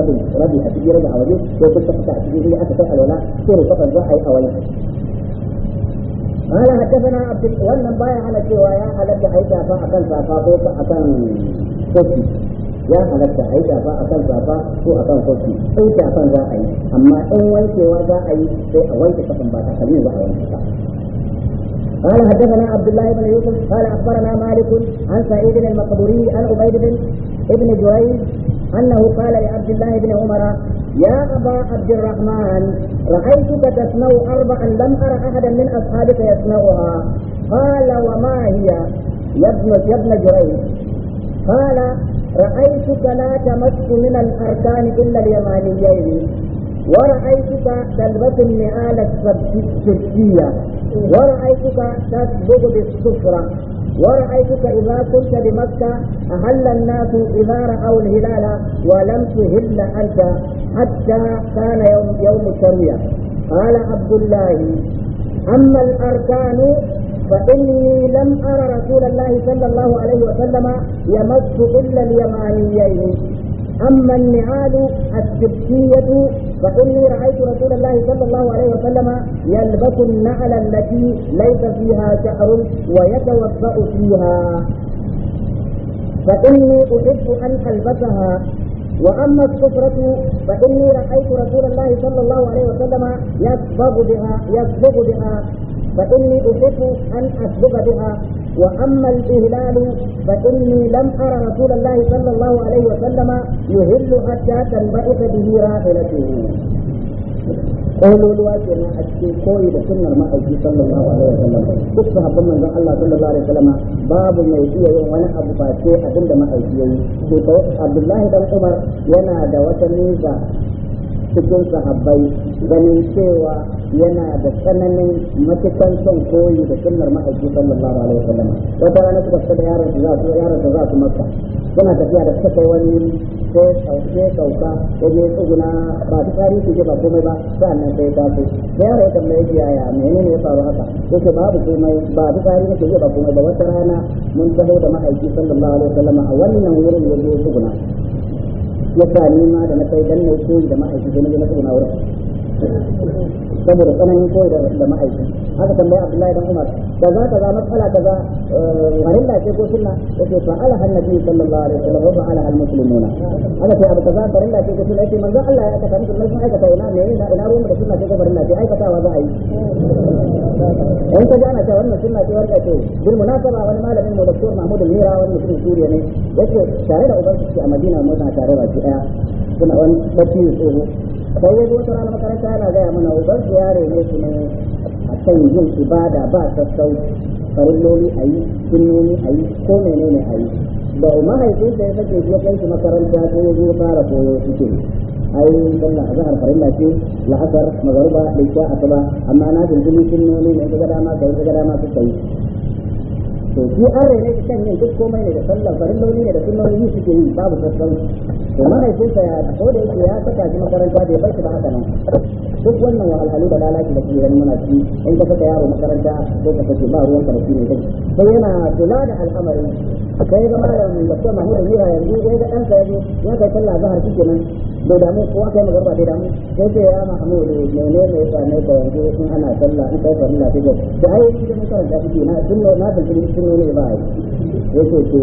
Speaker 1: rabi rabi a cikin rabi a waje ko ko saka a cikin aka saka alwala ko kafan za a yi a wani قال حدثنا عبد wannan baya ana cewa ya halatta aika fa akan safa ko akan kofi ya halatta a yi shafa a kan shafa ko a kan kofi in shafan za a yi amma in wankewa za a yi sai a wanke kafin ba takalmin ba a wanke قال حدثنا عبد الله بن يوسف قال اخبرنا مالك عن سعيد المقبوري عن عبيد بن ابن جريج انه قال لعبد الله بن عمر يا ابا عبد الرحمن رايتك تسمع اربعا لم ار احدا من اصحابك يسمعها قال وما هي يا ابن يا ابن جريج قال رأيتك لا تمس من الأركان إلا اليمانيين ورأيتك تلبس النعال السبتية ورأيتك تسبق بالسفرة ورأيتك إذا كنت بمكة أهل الناس إذا رأوا الهلال ولم تهل أنت حتى كان يوم يوم قال عبد الله أما الأركان فإني لم أرى رسول الله صلى الله عليه وسلم يمس إلا اليمانيين أما النعال السبتية فإني رأيت رسول الله صلى الله عليه وسلم يلبس النعل التي ليس فيها شعر ويتوضأ فيها فإني أحب أن ألبسها واما الصفرة فاني رايت رسول الله صلى الله عليه وسلم يصبغ بها يصبغ بها فإني أحب أن أسبق بها وأما الإهلال فإني لم أرى رسول الله صلى الله عليه وسلم يهل حتى تنبعث به راحلته ƙololuwa kenan a cikin koyi da sunnar ma'aiki sallallahu alaihi wasallam duk sahabban manzon Allah sallallahu alaihi wasallam babu mai iya yin wani abu ba ce abin da ma'aiki yayi to Abdullahi dan Umar yana da wata niza cikin sahabbai ganin cewa yana da tsananin matukan son koyi da sunnar ma'aiki sallallahu alaihi wasallam wata rana suka fita da yaron su za su yaron su za su makka suna tafiya da suka wani ko sauke sauka ko ne tsuguna ba ta tarihi su ke ba komai ba sa'annan sai ta su da yaro ya tambaye shi yaya menene ya faru haka yake babu komai ba ta tarihi ne ke ba komai ba wata rana mun taho da ma'aiki sallallahu alaihi wasallam a wannan wurin ya je tsuguna ya sa ni ma da na kai dan na koyi da ma'aiki da na na tsuguna wurin saboda tsananin kawai da ma'aikin haka tambaya abdullahi dan umar da za ka za matsala ka za eh, ko sunna fa ala sallallahu alaihi wasallam wa ala al muslimuna haka sai abu ko sunna manzo Allah ya aikata musu mun aikata ina ne ina ina da sunna ce aikatawa za a yi in ka ji ana wannan sunna ce wanda ce munasaba wani malamin mu doktor Mahmud Mira wani mutum Suriya ne yake tare da ubansu a Madina mu na tare baki daya suna wani sai ya na tara makaranta yana gaya mana ubar su yare ne su ne a kan yin ibada ba sassau farilloli a yi sunnoni a yi ko menene ayi yi da mahaifin sai ya sake shi ya yi shi makaranta sai ya zo fara koyo suke ai sallah azhar farilla ce la'asar magaruba da isha asuba amma na jirgin sunnoni ne ga dama ga dama su kai to shi an raine shi kan yin duk komai ne da sallah launi ne da sunnoni suke yi babu sassan to mahaifin sa ya ko da yake ya saka shi makaranta da ya bar shi da haka nan duk wannan wahalhalu da lalaci da kiran muna ci in ka saka yaro makaranta ko ka saka ba ruwan karfi ne kai sai yana kula da al'amarin kai ga malamin da kuma mahudin yanzu yi ga ɗansa ya je ya kai sallah zahar shi kenan bai damu ko aka yi magarba bai damu sai ce ya mahmud mene ne ya ne ka yanzu sun ana sallah in kai da ai shi ne da na sunno na da ne ba ai to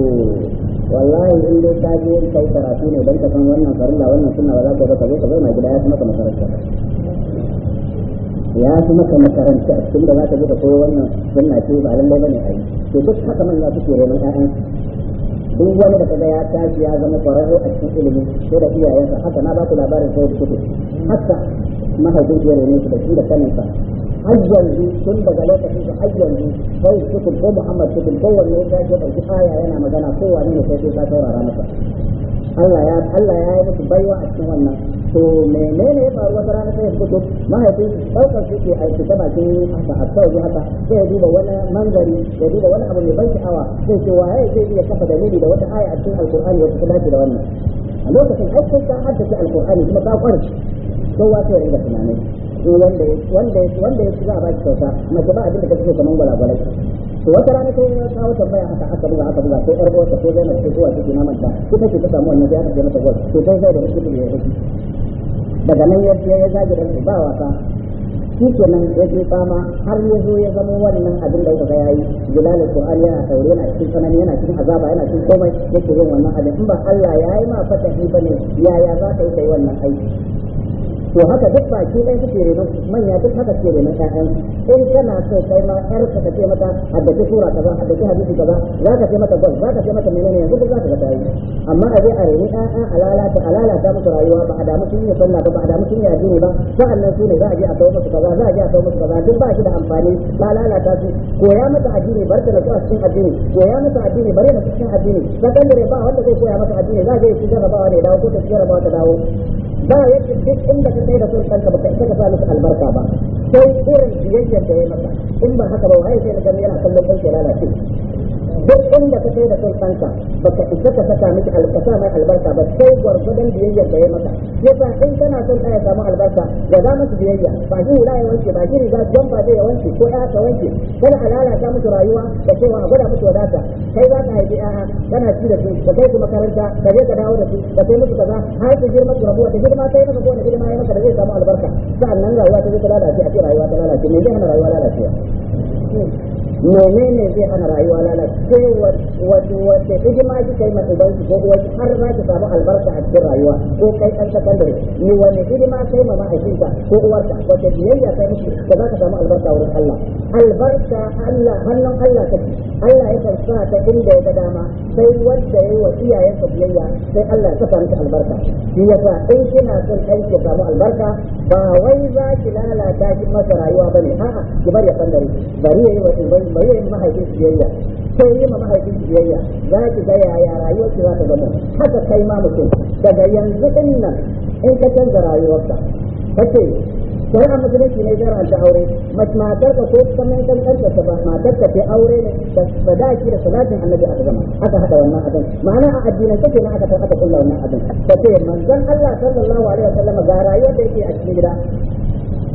Speaker 1: wallahi in dai ka je kai karatu ne dan ka san wannan farilla wannan sunna ba za ka ba ka zo ka gida ya kuma ka makaranta ya fi maka makaranta tun da za ka je ka koyo wannan sunna ce ba lallai bane ai to duk haka man za su ke ƴaƴan duk wani da kaga ya tashi ya zama kwararre a cikin ilimi ko da iyayensa haka na ba ku labarin sau da kuke haka mahaifin ya rene shi da shi da kaninsa har yanzu tun daga lokacin da har yanzu sai sukun ko muhammad sukun ko wanne ya tashi ɗauki aya yana magana ko wani ne sai sai ka saurara masa Allah ya Allah ya yi musu baiwa a cikin wannan to menene ya faru wata rana sai fito mahaifin daukar su a aiki ta bakin a sauri haka sai ya duba wani manzari ya duba wani abu mai ban sha'awa sai ce waye zai iya kafa dalili da wata aya a cikin alkur'ani wata ta dace da wannan a lokacin aikin ka haddace alkur'ani kuma ka kwarci kowa sai ya riga tunani wanda wanda wanda ya shiga ba kyauta mace ba abin da kake kaman gwalagwalai to wata rana sai ya kawo tambaya haka aka buga aka buga ko ƴar uwarsa ko zainab ko zuwa cikin namanta ko take ta samu wannan sai aka je mata gwal to sai sai da mutum ya daga nan ya ya zage dan ba wasa shi nan ya je fama har ya zo ya zama wannan abin da ya ga yayi jilalul qur'ani yana taure yana cikin sanani yana cikin azaba yana cikin komai yake yin wannan abin in ba Allah ya yi ma fatahi bane yaya za ka yi wannan aiki to haka duk baki ɗaya suke renon manya duk haka suke renon ƴaƴan in kana so kai ma ƴar ka kace mata haddace sura kaza haddace hadisi kaza za ka ce mata gwal za ka ce mata menene yanzu ba za ka ga tayi amma a je a reni ƴaƴa a lalata a lalata musu rayuwa ba a damu sun yi sallah ba ba a damu sun yi addini ba sa'annan su ne za a je a kawo musu kaza za a je a kawo musu kaza duk ba shi da amfani ba lalata su koya mata addini bar ta natsuwa cikin addini koya mata addini bare na cikin addini dare ba wanda zai koya mata addini za a je ya jarabawa ne dawo ko ta jarabawa ta dawo ba yake duk inda ka sai da sun ka baka isa ka sa musu albarka ba sai irin biyayyar da ya maka in ba haka ba wai sai na gani yana kallon na ce. duk inda ka kai da kai kanka baka isa ka saka miki alƙasa mai albarka ba sai gwargwadon biyayyar da ya maka yasa in kana son ka ya samu albarka ya za masu biyayya ba shi hula ya wanke ba shi riga jan ba zai ya wanke ko ya ka wanke kana alala ta musu rayuwa da cewa a gwada musu wadata kai za ka haifi ɗaya kana ci da su ka kai su makaranta ka je ka dawo da su ka kai musu kaza har ka girma su rabuwa da girma yi maka ko da girma ya maka da zai samu albarka nan rayuwa ta zai ta lalace a ce rayuwa ta lalace me zai hana rayuwa lalacewa menene zai hana rayuwa lalace wace wace hidima ki kai mai ubanki ko har za ki samu albarka a cikin rayuwa ko kai ɗan sakandare ni wani hidima kai ma ma'aikinka ko uwarka wace biyayya kai musu da za ka samu albarka wurin Allah albarka Allah hannun Allah take Allah ya kan sa ta inda ya ga dama sai wanda ya yi wa iyayensa biyayya sai Allah ya saka miki albarka shi yasa in kina son ɗan ki samu albarka ba wai za ki lalata ki masa rayuwa bane a'a ki bari ya kandare bari ya yi wa ubangi bari yi mahaifin biyayya sai yi ma mahaifin biyayya za ki ga yaya rayuwar ki za ta zama haka kai ma mutum daga yanzu din nan in ka canza rayuwarka kace sai a musulunci ne zai ranta aure matar ka ko kuma in kan kanta ta ba matar ka ta aure ne da sadaki da salatin annabi aka zama, aka hada wannan abin ma'ana a addinin take ne aka aka kullu wannan abin kace manzon Allah sallallahu alaihi wasallam ga rayuwar da yake a cikin gida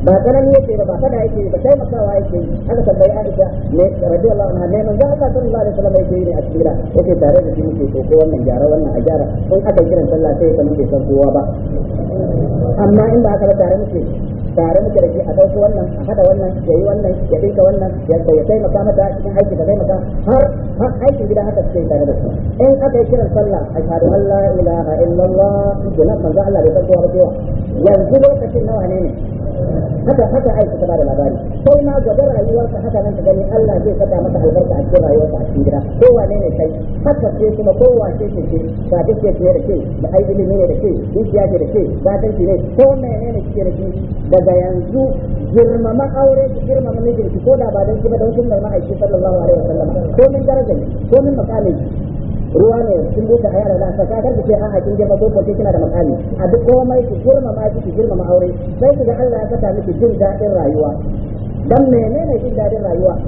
Speaker 1: ba tsanani yake ba ba kada yake ba makawa yake aka tambayi Aisha ne allah na ne ga Allah sallallahu alaihi wasallam yake ne a cikin yake tare da shi muke ko wannan gyara wannan a gyara in aka kiran sallah sai ka muke san kowa ba amma in ba aka ba tare muke tare muke da shi a dauko wannan a hada wannan ya yi wannan ya dinka wannan ya ya taimaka mata cikin aiki da taimaka har har aikin gida haka sai tare da su in aka yi kiran sallah a shahadu allah ilaha illallah to manzo Allah bai san kowa ba yanzu lokacin nawa ne ne haka haka ai ta bada labari kai ma gaba ka haka nan ka gani Allah zai saka maka albarka a cikin rayuwarka a cikin gida ko ne ne kai haka ce kuma ko wace ce ce ba duk ce da ce da ai ilimi ne da ce ya ce da ce ba dan ne ko menene ne ke da ce daga yanzu girmama aure ki girmama mijinki ko da ba dan ki ba don mai ma'aiki sallallahu alaihi wasallam ko min darajar ko min makamin ruwa ne kin buka haya da nan saka kar ce a'a kin je ba ko ce kina da makami a duk komai ki ma ki ki girmama aure sai ki ga Allah ya saka miki jin dadin rayuwa dan menene jin dadin rayuwa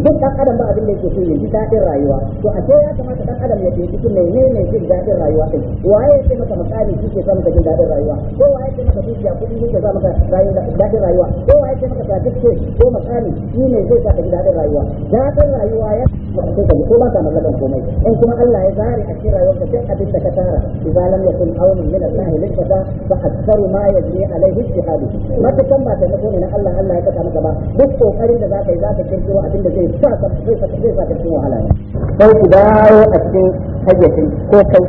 Speaker 1: duk dan adam ba abin da yake so ya ji daɗin rayuwa to a ce ya kamata dan adam ya ce cikin mai ne mai jin daɗin rayuwa din waye ya ce maka misali shi ke sa maka jin daɗin rayuwa ko waye ya ce maka dukiya kuɗi shi ke sa maka daɗin rayuwa ko waye ya ce maka tafiye ko makani? shi ne zai sa ka ji daɗin rayuwa daɗin rayuwa ya sai ka ko ba ka mallakan komai in kuma Allah ya zare a cikin rayuwarka sai abin da ka tara idan lam yakun aunun min Allah lilfata fa aktharu ma yajri alaihi ijtihadu matakan ba taimako ne na Allah Allah ya saka maka ba duk kokarin da za ka yi za ka kirkiro abin da zai zai sa ka zai sa zai sa ka cikin wahala ne sai ku dawo a cikin hayyacin ko kai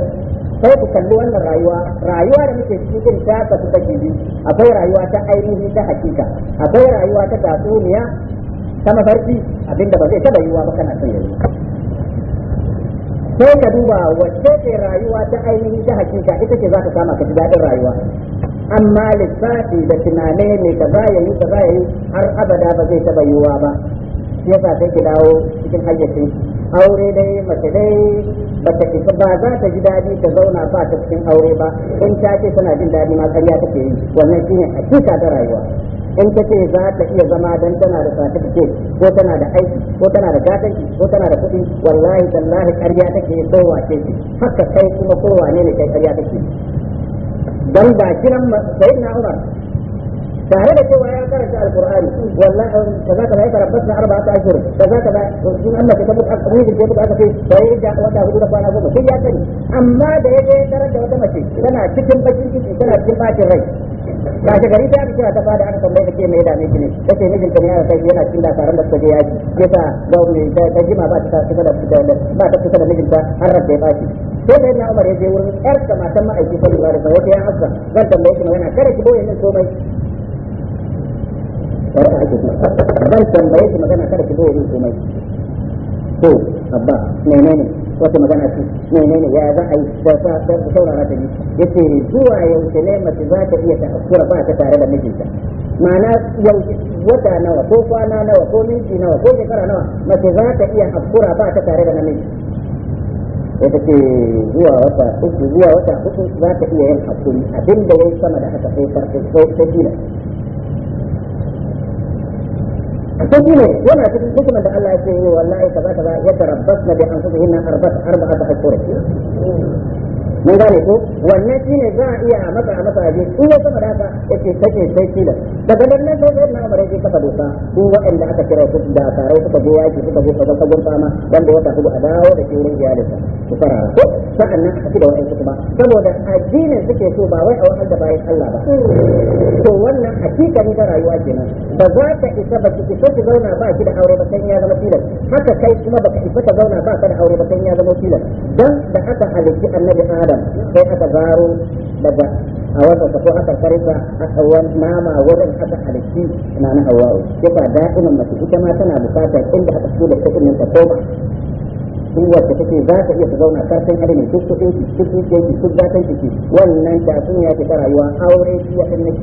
Speaker 1: sai ku kalli wannan rayuwa rayuwa da muke cikin ta ka su kake akwai rayuwa ta ainihi ta hakika akwai rayuwa ta tatsuniya ta mafarki abinda ba zai taba yiwa ba kana son yayi sai ka duba wacce ce rayuwa ta ainihi ta hakika ita ce za ka kama ka ji daɗin rayuwa amma lissafi da tunane ne ka za ya yi ka za ya yi har abada ba zai taɓa yiwuwa ba ya yasa sai ki dawo cikin hayyacin aure dai mace dai ba ta ba za ta ji daɗi ta zauna ba ta cikin aure ba in ta ce tana jin daɗi ma ƙarya take yi wannan shine hakika ta rayuwa in ta ce za ta iya zama dan tana da satifiket ko tana da aiki ko tana da gatanki ko tana da kuɗi wallahi tallahi ƙarya take ko wace ce haka kai kuma ko wane ne kai ƙarya take dan ba kiran sayyidina Umar tare da cewa ya karanta alqur'ani wallahi kaza kaza ya karanta arba ta ashur kaza kaza in Allah ka tabbata aka yi hudu da kwana goma ya sani amma da ya je tarar da wata mace tana cikin bakin ciki tana cikin bacin rai ba ta gari ta aka kira ta fada aka tambaye take mai dame ne kace mijin ka ne ya kai yana cikin labaran da suke yaji yasa ga mai ta jima ba ta da ba ta kusa da mijin ta har ran da ya sai da yana Umar ya je wurin ƴar ta matan ma'aiki sallallahu alaihi wasallam ya haka zan tambaye ki magana kada ki boye min komai shari'a ake kuma ban tambaye shi magana kada ki zo yin komai to abba menene wata magana ce menene ya za a yi da saurara ta ji yace zuwa yaushe ne mace za ta iya ta'akkura ba ta tare da mijinta ma'ana yau wata nawa ko kwana nawa ko minti nawa ko shekara nawa mace za ta iya hakura ba ta tare da namiji ita ce zuwa wata uku zuwa wata uku za ta iya yin hakuri abin da ya sama da haka sai farko sai ta to shi ne yana cikin hikimar da Allah yake yi wallahi kaza kaza ya tarabbasna bi anfusihinna arba'ata arba'ata ashhur mun gane ko wannan shine za a iya a masa a maka aje in ya sama da haka yace take sai kila daga nan nan sai na amare ke kafa doka ko waɗanda aka kira su da tare suka je yaki suka je kaga kagun fama wanda wata hudu a dawo da ke wurin iyalinsa su fara ko sa'an nan a da waɗansu kuma saboda addinin suke so ba wai a wahal da bayan Allah ba to wannan hakikani ta rayuwa kenan ba za ka isa ba ki ki zauna ba ki da aure ba sai ya zama tilas haka kai kuma baka isa ka zauna ba ka da aure ba sai ya zama tilas dan da aka halitta annabi Adam adam sai aka baro daga a wannan ko aka karfa a wan nama wurin aka halitti na na hawa ke ba da'iman mace ita ma tana bukatar inda aka su da kudin ta koma kowace take za ta iya ta zauna karfin adami duk kudin ki duk kudin ki duk zatan ki wannan ta sun ya ta rayuwa aure shi ya kanne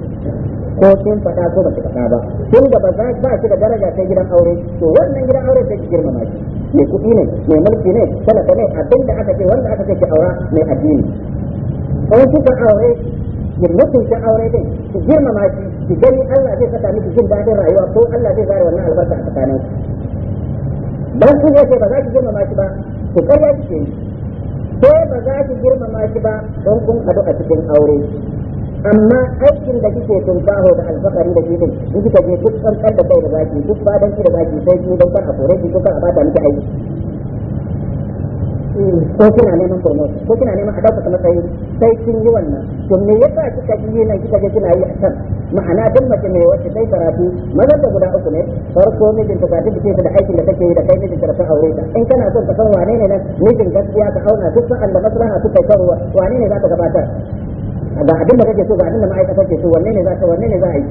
Speaker 1: ko sun faɗa ko ba su faɗa ba tun da ba za ba shi da daraja ta gidan aure to wannan gidan aure sai ki girmama shi mai kuɗi ne mai mulki ne talaka ne abin da aka ce wanda aka ce ki aura mai addini in kuka aure ki mutunta aure din ki girmama shi ki gani Allah zai saka miki jin daɗin rayuwa ko Allah zai zare wannan albarka a tsakanin dan kun ce ba za ki girmama shi ba ku kai ya kike yi ko ba za ki girmama shi ba don kun kadu a cikin aure amma aikin da kike tun kawo da alfakari da kike in kika je duk kan da kai da baki duk badan ki da baki sai ki dan ka kore ki duk ka bada miki aiki ko kina neman promote ko kina neman a dauka matsayi sai kin yi wannan to me yasa kika yi nan kika ga kina yi a can ma'ana duk mace mai wacce sai karatu maza da guda uku ne farko mijin ta gaji da da aikin da kake yi da kai mijin da ka aure ta in kana son ka san wane ne nan mijin gaskiya ka auna duk sa'an da maslaha kuka kawo wane ne za ka gabatar ba abin da kake so ga abin da ma'aikatar ke so wanne ne za ka wanne ne za a yi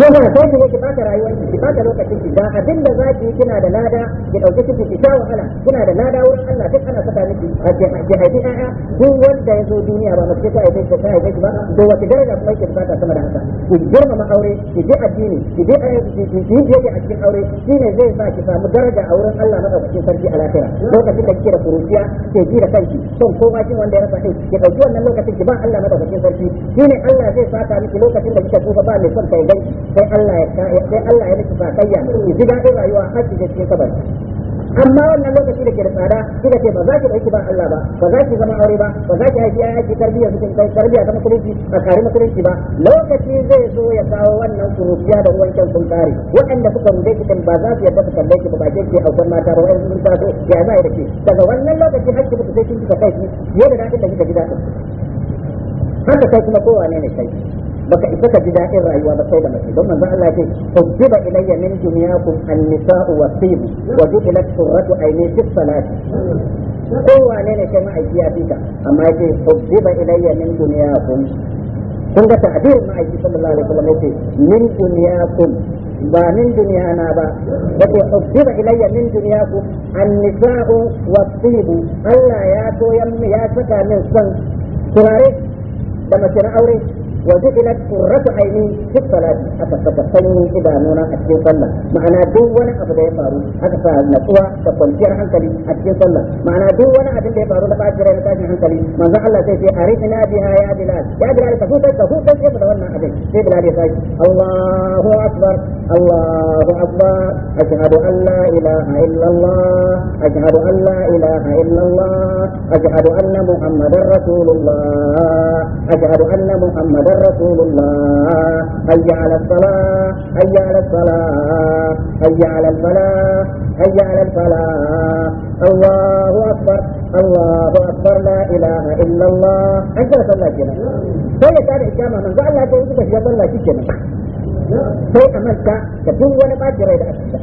Speaker 1: don haka sai ki ne ki fata rayuwar ki fata lokacin ki ba abin da zaki yi kina da lada ki dauki ciki ki sha wahala kina da lada wurin Allah duk ana saka miki ki haifi ƴaƴa duk wanda ya zo duniya ba mace ta haife ta haife ki ba to wace daraja kuma yake bukata sama da haka ki girmama aure ki bi addini ki bi ayyuki ki yi biyayya a cikin aure shine zai sa ki samu daraja a wurin Allah madaukakin sarki a lafiya lokacin da kike da kuruciya ke ji da kanki son ko ma wanda ya rasa kai ki dauki wannan lokacin ki ba Allah madaukakin sarki shine Allah zai saka miki lokacin da kike tsufa ba mai son kai ganki sai Allah ya sai Allah ya miki sakayya ki ji daɗin rayuwa har ki je cikin amma wannan lokaci da ke da tsada kika ce ba za ki aiki ba Allah ba ba za ki zama aure ba ba za ki haifi ya ki tarbiyya cikin tarbiyya ta musulunci a kare musulunci ba lokaci zai zo ya kawo wannan kurufiya da ruwan kyan sun kare waɗanda suka rubuce ki ba za su yarda su kalle ki ba bakin ke aukar mata ba wa'ansu sun taso ya za da ke daga wannan lokaci har ki mutu sai kin kika kai ki yadda daɗin da kika gida daɗin haka kai kuma kowa ne ne kai baka isa ka ji daɗin rayuwa ba kai da mace don manzon Allah ya ce ubbiba ilayya min dunyakum an-nisa'u wa tibu wa ju'ilat surratu ayni fi salati kowane ne kai ma'aiki ya fita amma yake ubbiba ilayya min dunyakum kun ga ta'birin ma'aiki sallallahu alaihi wasallam ce min dunyakum ba min duniya na ba wato ubbiba ilayya min dunyakum an-nisa'u wa tibu Allah ya toyan ya saka min son turare da mace na aure وجعلت قرة عيني في الصلاة أتفتحني إذا نونا أتكين صلى معنى دون أبو دي فارو أتفا نتوى رحمة لي أتكين صلى معنى دون أبدا دي لبعض تقع تاجي تاشن لي ما ذا الله سيسي أرثنا بها يا بلاد يا بلال تفوت تفوتك كيف دولنا أبين في بلاد يساك الله أكبر الله أكبر أشهد أن لا إله إلا الله أشهد أن لا إله إلا الله أشهد أن محمد رسول الله أشهد أن محمد رسول الله هيا على الصلاة هيا على الصلاة هيا على الفلاة هيا على الفلاة الله أكبر الله أكبر لا إله إلا الله أنت لا صلى جنة فهي تاري إجامة من قال الله جنة بس يقول الله جنة فهي أمسك تبين ولا باجر إذا أكبر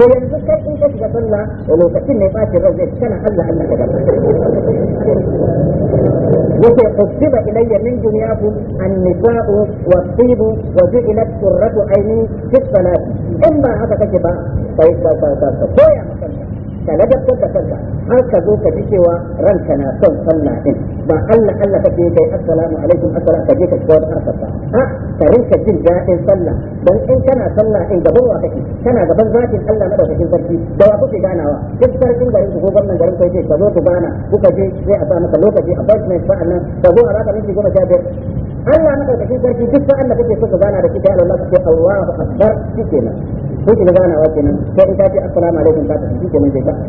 Speaker 1: فهي أمسك إنك إذا صلى ولو تكني باجر إذا كان الله الله أكبر yake kusiba ilayya min dunyakum an-nisa'u was-sibu wa ju'ilat qurratu ainihin fi in ba haka kake ba sai ka ka ka koya ka ladabtar da kanka har ka zo ka ji cewa ranka na son sallah din ba Allah Allah ka kake kai assalamu alaikum assalamu kaje ka shiga wata harkar ba a ka rinka jin daɗin sallah dan in kana sallah din gaban wa kake kana gaban zakin Allah na daukakin sarki da wa kuke ganawa duk sarkin garin ku ko gwamnan garin ku yake ka zo ku gana kuka je sai a sa maka lokaci appointment sa'an nan ka zo a raka miki goma sha biyar Allah na daukakin sarki duk sa'an da kake so ka gana da shi da Allah kake Allahu akbar shikenan kuke ganawa kenan sai in ka ce assalamu alaikum ka tafi kenan sai ba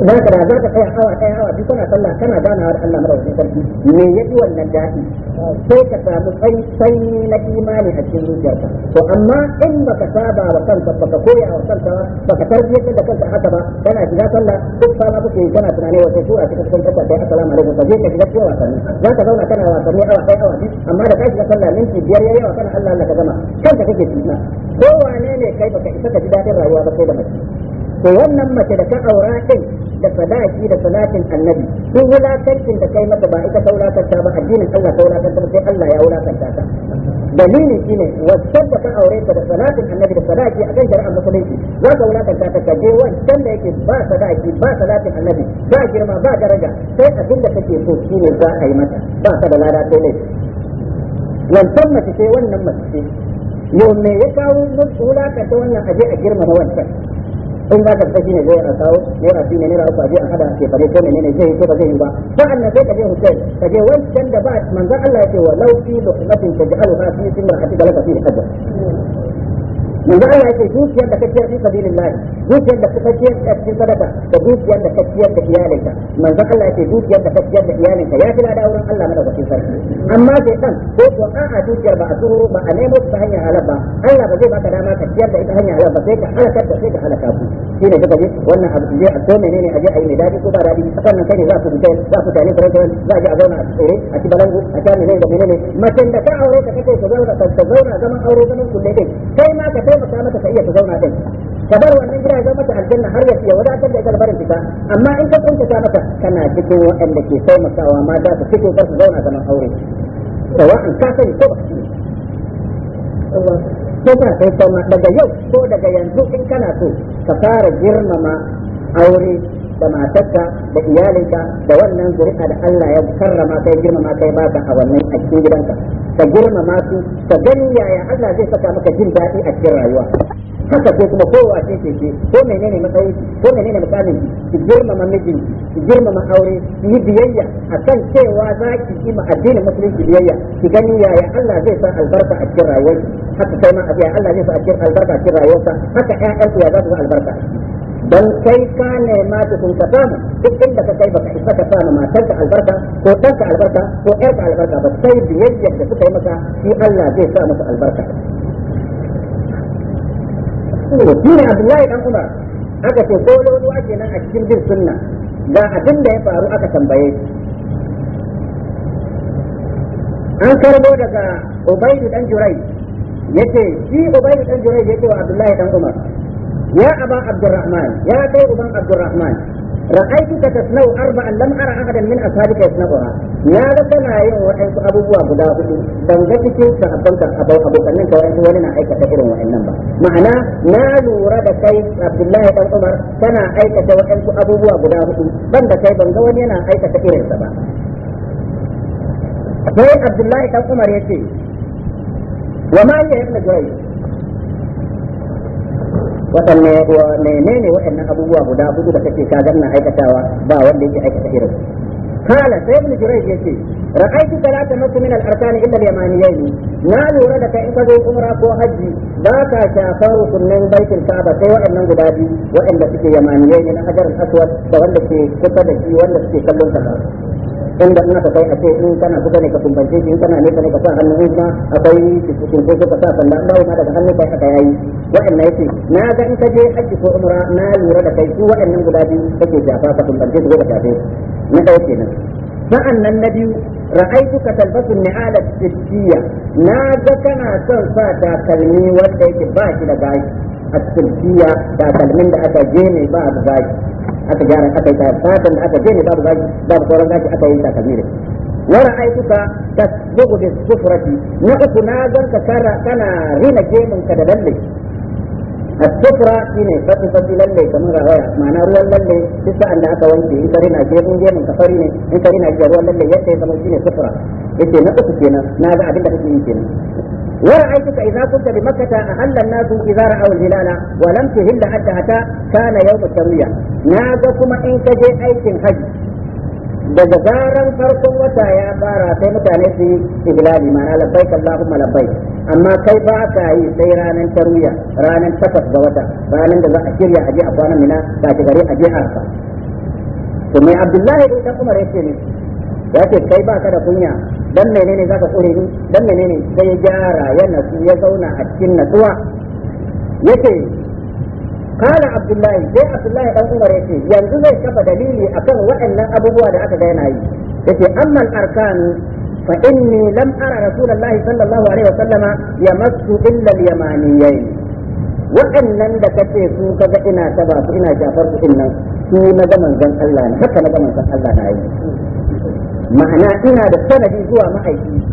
Speaker 1: dan ka ba ka kai awa kai awa duk kana sallah kana ganawa da Allah madaukakin sarki me yaji wannan dadi sai ka samu sanyi na imani a cikin zuciyarka to amma in baka saba wa kanka baka koya wa kanka baka tarbiyyar da kanka haka ba kana shiga sallah duk sana kuke kana tunani wa sai tura cikin cikin kafa sai assalamu alaikum ka je ka shiga cikin wasanni za ka zauna kana wasanni awa kai awa amma da ka shiga sallah minti biyar yayi wa kana Allah Allah ka gama kanka kake tunani ko wane ne kai baka isa ka ji dadin rayuwa ba sai da mace to wannan mace da ka aura kai da sadaki da salatin annabi in wulakancin da kai mata ba ita ta ba addinin Allah ta wulakanta sai Allah ya wulakanta ta dalili shine wacce da ka aure ta da salatin annabi da sadaki a kan shari'ar musulunci za ka wulakanta ta ka je wancan da yake ba sadaki ba salatin annabi ba girma ba daraja sai abin da kake so shine za a yi mata ba ka da lada sai ne wancan mace ce wannan mace ce yau me ya kawo wulakanta wannan aje a girma na wancan in za ka fita shine zai a kawo naira biyu ne naira uku a je a hada ke fare ko menene zai ko ba zai yi ba sa'an nan sai ka je hotel ka je wancan da ba manzon Allah ya ce wa law fi luhmatin taj'aluha fi simratika laka fi ajr yanzu Allah ya ce da kaciyar fi sabilin lahi zuciyar da kaciyar da cikin sadaka da dukiyar da kaciyar da iyalinka manzo Allah ya ce dukiyar da kaciyar da iyalinka ya fi da wurin Allah mana bakin sarki amma sai kan ko ko a a zuciyar ba a tururu ba a nemo ta hanyar halal ba Allah ba zai baka dama kaciyar da ita hanyar halal ba sai ka halakar da sai ka halaka ku shine kaga ji wannan abu zai a to menene a je a yi mai dadi ko ba dadi sannan kai ne za su fita za ku tare da rayuwa za a je a zauna a tsere a ci balangu a ta menene da menene macen da ka aure ka kake ka zauna ka zauna zaman aure zaman kullai kai kai ma ka taimaka mata ka iya ka zauna din ka bar wannan gida ya zama mata aljanna har ya fiye wadatar da ita barin fita amma in ka kuntata mata kana cikin waɗanda ke taimakawa ma za su fito kar su zauna zaman aure sawa'an ka sani ko ba ka sani ko ka sai daga yau ko daga yanzu in kana so ka fara girmama aure da matarka da iyalinka da wannan zuri'a da Allah ya karrama kai girmama kai baka a wannan a cikin gidanka ka girmama su ka gani yaya Allah zai saka maka jin daɗi a cikin rayuwa haka ko kuma kowa ce ce ce ko menene matsayin ko menene misalin ki girmama mijin ki girmama aure ki yi biyayya akan cewa za ki yi ma addinin musulunci biyayya ki gani yaya Allah zai sa albarka a cikin rayuwarki haka sai ma abiya Allah zai sa albarka a cikin rayuwarka haka ƴaƴanku ya za su albarka dan kai ka nema ta sun ka samu duk inda ka kai baka isa ka samu matarka albarka ko ɗanka albarka ko ka albarka ba sai biyayyar da suka yi maka shi Allah zai sa maka albarka shi Abdullahi dan Umar aka ce ko lolo ake nan a cikin bin sunna ga abin da ya faru aka tambaye an karbo daga Ubaidu dan Jurai yace shi Ubaidu dan Jurai yake wa Abdullahi dan Umar يا أبا عبد الرحمن يا كي أبا عبد الرحمن رأيتك تسنو أربعا لم أرى أحدا من أصحابك يسنوها يا لا يوم وحيث أبو بوا بدا بوجتك فأبنك أبو أبو كنين كوين ولنا أيك وإن نمبا معنى نال ورد كي عبد الله بن عمر كان أيك وإنك أبو بوا بدا بند كي بنزولنا أيك تكرم سبا أبو عبد الله بن عمر يتي وما هي ابن جريج watanne wa menene waɗannan abubuwa guda hudu da kake kaga na aikatawa ba wanda yake aikata irin kala sai ibn jurayj yake ra'aytu thalatha nasu min al-arkan illa al-yamaniyyin na lura da kai ka zo umra ko hajji ba ka shafar sunnan baitul kaaba sai waɗannan guda biyu waɗanda suke yamaniyyin na hajar al-aswad da wanda ke kusa da shi wanda suke kallon kaza inda in aka kai a ce in kana kusa ne ka kumbance shi in kana nesa ne ka sa hannu in ma akwai cikin ko ka sa sanda an dawo ma daga hannu kai aka yayi waɗannan yace na ga in ka je hajji ko umra na lura da kai su waɗannan guda biyu kake shafa ka kumbance su ko ka shafe na ɗaya kenan sa'an nan na biyu ra'aituka talbasu ni'alat tijjiya na ga kana son sa takalmi wanda yake ba shi da gashi a tijjiya takalmin da aka je ne ba da gashi aka gyara aka yi ta fatan aka je ne babu zaki babu sauran zaki aka yi ta kabiri wa ta tasbuhu bi sufrati na uku na gan ka kara kana rina gemin ka da lalle as-sufra shine fati fati lalle kamar rawaya eh, ma'ana ruwan lalle duk sa'an da aka wanke in kare na gemin gemin ka fari ne in kare na gemin ruwan lalle yadda ya zama shine sufura yace na uku kenan na ga abin da kake yi kenan ورأيتك إذا كنت بمكة أهل الناس إذا رأوا الهلال ولم تهل حتى أتى كان يوم التروية ناقكم إن كجي أيش حج daga zaran farkon wata ya fara sai mutane su yi ihlali ma'ana labbaik Allahumma labbaik amma kai ba ka yi sai ranar tarwiya ranar takwas ga wata ranar da za a shirya aje a kwana mina ta ci gari a arfa to mai Abdullahi ibn Umar yake ne yace kai ba ka da kunya dan menene zaka tsore ni dan menene sai ya gyara ya nasu ya zauna a cikin natsuwa yake kala abdullahi sai abdullahi dan umar yake yanzu zai kafa dalili akan waɗannan abubuwa da aka ga yana yi yake amman arkanu fa inni lam ara rasulullahi sallallahu alaihi wasallama yamassu illa al yamaniyyin waɗannan da kace su kaga ina ba su ina jafar su innan su na ga manzon Allah ne haka na ga manzon Allah na yi ma'ana ina da sanadi zuwa mahaifi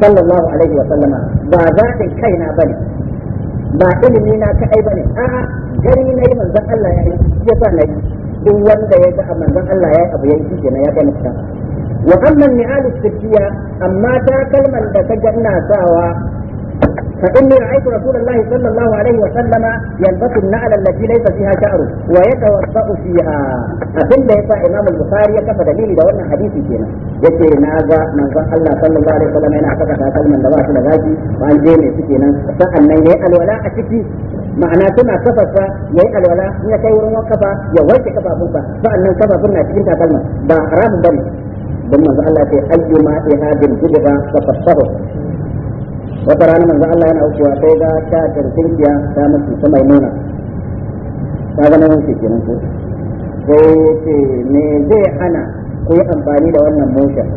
Speaker 1: sallallahu alaihi wa sallama ba zatin kaina bane ba ilimi na kai bane a'a gari na yi manzon Allah ya yi ya sa na duk wanda ya ga manzon Allah ya abu yayi shi ya ga mutum wa amma ni'alu sirriya amma ta kalman da ta ganna sawa فاني رايت رسول الله صلى الله عليه وسلم يلبس النعل التي ليس فيها شعر ويتوسط فيها كل يسا امام البخاري كف دليل دورنا حديثي فينا يكي ناغا نغا الله صلى الله عليه وسلم انا اعتقد هذا من دواس لغاجي وان جيمي سكينا فان من ولا اشكي معنى كما كفف يقل ولا من كيور وكفى يوجه كفى فوقا فان كفى فرنا سكينا كلمة ده بني ثم قال في اي ما هذه الجبهه فقد wata rana manzo Allah yana wucewa sai ga ta kiya ta mutu ta maimuna ta ga nan shi kenan ko sai ce me zai hana ku yi amfani da wannan motion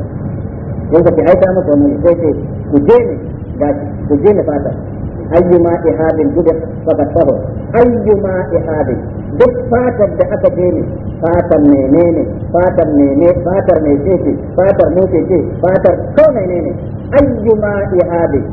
Speaker 1: ce ai ta maka ne sai ce ku je ne ga ku je ne fata ayyuma ihadin gudu fakat fahu ayyuma ihadin duk fatar da aka je ne fatar menene fatar mene fatar mece ce fatar mece ce ce fatar ko menene ayyuma ihadin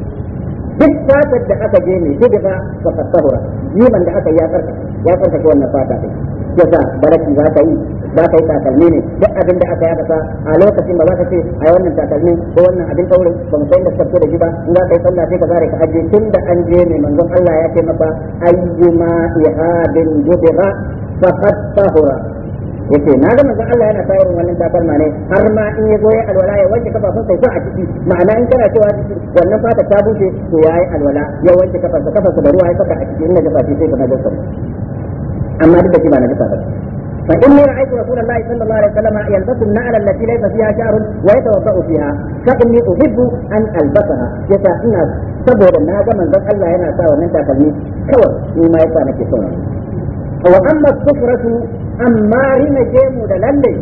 Speaker 1: duk fatar da aka je ne duk da fa fasahura yiman da aka ya karka ya farka ko wannan fata din yasa baraki za ka yi za ka yi takalmi ne duk abin da aka yaka a lokacin ba za ka ce a wannan takalmi ko wannan abin kaurin ba mu sai da sarko da shi ba in za ka yi sallah sai ka zare ka aje tun da an je ne manzon Allah ya ce maka ayyuma ihadin jubira fa tahura yace na ga manzon Allah yana sayar wannan dabar ma ne har ma in yazo ya alwala ya wanke kafafun sai a ciki ma'ana in kana cewa wannan fata ta bushe to yayi alwala ya wanke kafarsa kafarsa da ruwa ya saka a ciki in na jafa sai ka majalsa amma duk da shi ba na jafa ba فإني رأيت رسول الله صلى الله عليه وسلم يلبس النعل التي ليس فيها شعر ويتوضأ فيها فإني أحب أن ألبسها يتا إن saboda na ga manzon Allah yana sa wannan takalmi kawai ni ma yasa nake so وأما الصفرة أما رمجين للي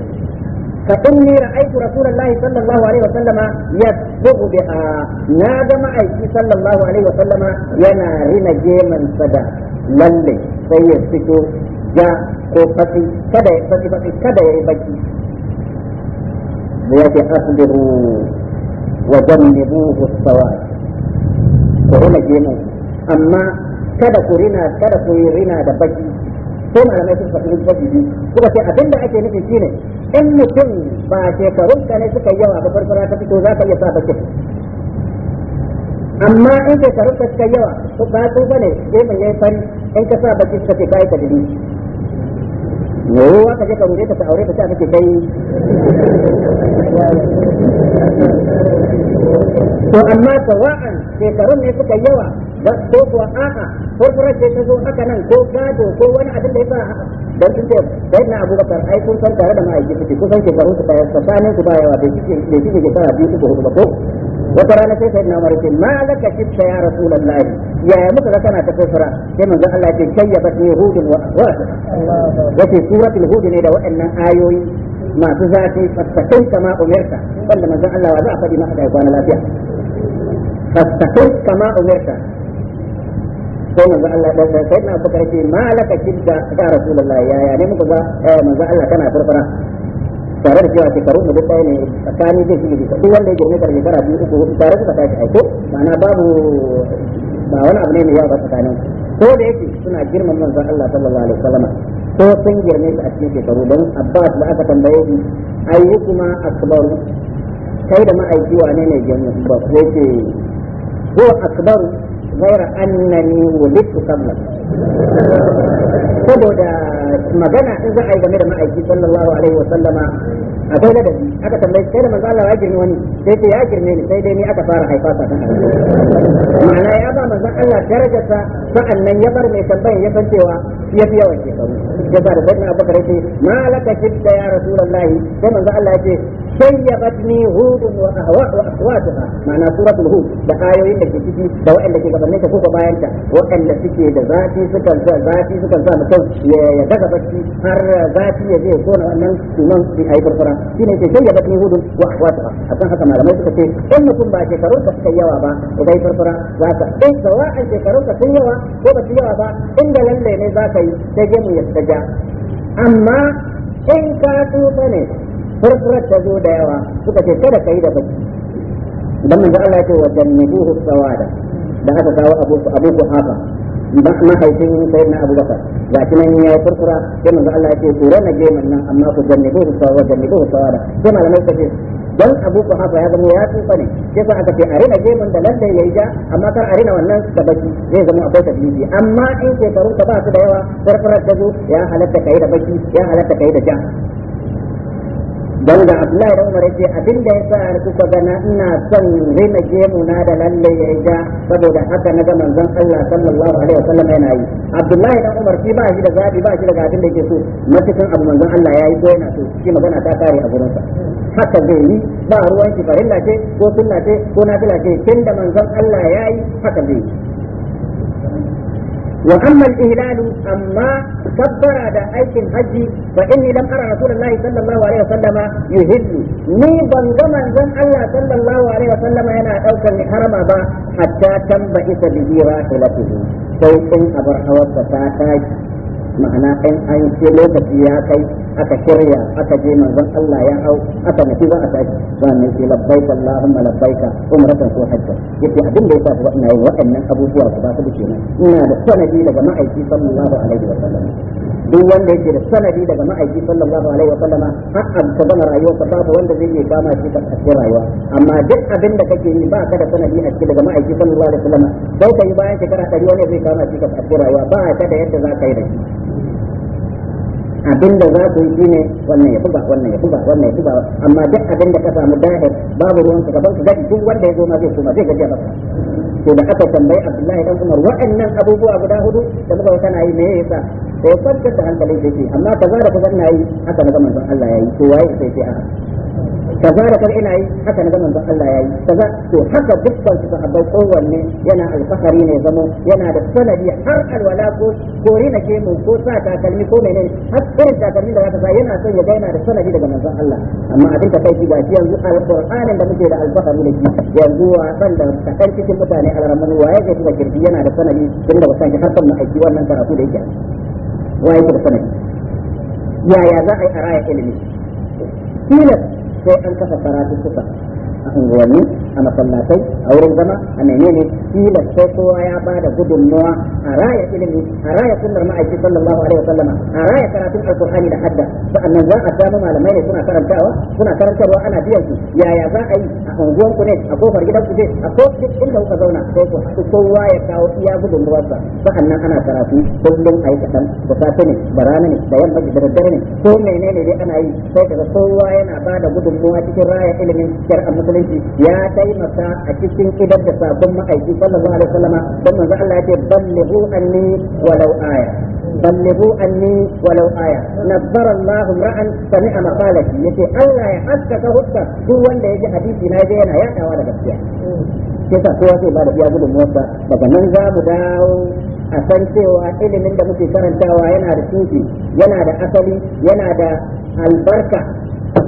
Speaker 1: فإني رأيت رسول الله صلى الله عليه وسلم يسبغ بها نادم أيتي صلى الله عليه وسلم ينا رمجين من صدا للي سيسكو جاء قفتي كذا يفتي فتي كذا يبكي ليتي أصبروا وجنبوه الصواب جيمو أما kada ku rina kada ku ko malamai sun faɗi hujjoji biyu suka ce abin da ake nufi shine in mutum ba shekarun ka ne suka yawa ba farfara ta fito za ka iya sa bakin amma in shekarun ka suka yawa to ba su ba ne sai mai yayi fari in ka sa bakin ka ce kai ka dubi me ruwa ka je ka rure ka ta aure ka ta kake kai to amma sawa'an shekarun ne suka yawa ko kuwa a'a furfurar ce ta zo haka nan ko gado ko wani abin da ya sa don sun ce sai na abubakar ai kun san tare da ma'aiki suke kusan shekaru su bayan tsakanin su bayawa da shi da shi shekara biyu suka hudu ba ko wata rana sai sai na marke ma laka shifta ya ya yaya muka ga kana ta furfura sai manzo Allah ce kayyabat ni hudun wa yace suratul hud ne da waɗannan ayoyi masu zafi fastakai kama umirta wanda manzo Allah wa za a faɗi maka da kwana lafiya fastakai kama umirta ko manzo Allah da sai na bukar ce malaka kidda ga rasulullahi ya ya ne muka ga eh, manzo Allah kana furfura tare da cewa shekaru mu duk ne tsakani da shi duk wanda ya girme ka shekara biyu uku tare suka tashi aiko ma'ana babu ba wani abu ne mai yawa ba tsakanin ko da yake suna girman manzon Allah sallallahu alaihi wasallam ko sun girme shi a cikin shekaru don Abbas da aka tambaye shi ayyukuma akbaru kai da ma'aiki wane ne girme ba ko ce ko akbaru غير أنني ولدت قبلك saboda magana in za a yi game da ma'aiki sallallahu alaihi wa sallama akwai ladabi aka tambayi sai da manzo Allah ya girme wani sai ce ya girme ni sai dai ni aka fara haifa ta ma'ana ya ba manzo Allah darajarsa sa'annan ya bar mai tambayan ya san cewa ya fi yawan shekaru ya ba da sai na Abubakar yace ma shidda ya rasulullahi sai manzo Allah yace shayyabatni hudun wa ahwa wa aswatuha ma'ana suratul hud da ayoyin da ke ciki da waɗanda ke gabanin ta ko bayan ta waɗanda suke da zafi suka sa zafi suka sa mutum ya daga bacci har zafi ya je ko na wannan sunan sai ai furfura shine ke sai ya bani hudun wa akhwatuha akan haka malamai suka ce in mutum ba shekarun ka suka yawa ba idan farfara za ka in eh, an shekarun ka sun yawa ko ba su yawa ba inda lalle ne za ka yi sai gemu ya ja amma in ka tsufa ne farfara ta zo da yawa suka ce kada ka yi da baki dan manzo Allah ya ce wa jannibuhu sawada da aka kawo abu abu haka mahaifin abu abubakar ga shi nan ya furfura sai manzo Allah yake ce na geman nan amma ku jannibu ku wa janne ku sawa da sai malamai suka ce dan abu ku haka ya zama ya tsufa ne sai sa aka ce a rina geman da lalle yayi ja amma kar a rina wannan da baki zai zama akwai tabibi amma in ke faru ta ba su da yawa furfurar ta zo ya halatta kai da baki ya halatta kai da ja don da Abdullahi da Umar yace abin da yasa har ga gana ina son rina gemu na da lalle ya ja saboda haka na ga manzon Allah sallallahu alaihi wasallam yana yi Abdullahi da Umar shi ba shi da zabi ba shi da abin da yake so matakan abu manzon Allah ya yi ko yana so shi magana ta kare a gurin sa haka zai yi ba ruwan shi farilla ce ko sunna ce ko nafila ce tunda manzon Allah yayi haka zai yi وأما الإهلال أما كبر هذا أيك الحج فإني لم أرى رسول الله صلى الله عليه وسلم يهل ني بنجما زن الله صلى الله عليه وسلم أنا أوكل لحرم با حتى تنبئس به راحلته سيكون أبرحوة فتاتاك ma'ana ɗan ayin ce lokaci ya kai aka shirya aka je manzon Allah ya hau aka nufi za a tashi ba mu ce labbaika Allahumma labbaika umratan ko hajja yace abin da yasa ba ina yin waɗannan abubuwa ku ba su da kenan ina da sanadi daga ma'aiki sallallahu alaihi wa sallam duk wanda yake da sanadi daga ma'aiki sallallahu alaihi wa sallama har an ka gama rayuwarsa babu wanda zai iya kama shi ta ake rayuwa amma duk abin da kake yi ba ka da sanadi a cikin daga ma'aiki sallallahu alaihi wa sallama sai ka yi bayan shekara ɗari wani zai kama shi ta ake rayuwa ba ka da yadda za ka yi da shi abin da za ku yi shine wannan ya buga wannan ya buga wannan ya buga amma duk abin da ka samu dahir babu ruwan ka gaban ka gadi duk wanda ya zo ma zai koma zai gaji maka to da aka tambayi Abdullahi dan Umar wa'annan abubuwa guda hudu da muka kana yi me yasa sai ya ta hankali sai amma ka zara kaza yi haka na manzon Allah yayi to waye sai sai a kaza da kaza ina yi haka na zaman Allah yayi kaza to haka dukkan su sahabbai kowanne yana alfahari ne zama yana da sanadi har alwala ko kore na ke mun ko sa takalmi ko menene har irin takalmi da zaka sa yana son ya ga yana da sanadi daga manzon Allah amma abin da kai shi gashi yanzu alqur'anin da muke da alfahari da shi yanzu wa san da kadan cikin mutane alramman yake yana da sanadi tun da ba san har kan aiki wannan karatu da yake wa yake da sanadi yaya za a yi a raya ilimi tilas ko an kafa karatu suka a unguwanni a masallatai a wurin zama a menene kila ko kowa ya ba da gudunmawa a raya ilimi a raya sunnar ma'aiki sallallahu alaihi wasallama a raya karatun alqur'ani da hadda sa'annan za a samu malamai ne suna karantawa suna karantarwa ana biyan su yaya za a yi a unguwan ku ne a kofar gidan ku ne a ko duk inda kuka zauna ko ko kowa ya kawo iya gudunmuwar sa sa'annan ana karatu kullum a yi kadan da safe ne da rana ne da yamma da daddare ne ko menene dai ana yi sai daga kowa yana ba da gudunmawa cikin raya ilimin shar'an musulunci ya taimaka a cikin idan da sabon ma'aiki sallallahu alaihi wasallam don manzo Allah ya ce ballighu anni walau aya ballighu anni walau aya nazzara Allahu ra'an sami'a maqalati yace Allah ya haskaka hutta duk wanda yaji hadisi na je yana yadawa da gaskiya kisa kowa zai ba da iya gudunmuwarsa daga nan za mu dawo a san cewa ilimin da muke karantawa yana da tushe yana da asali yana da albarka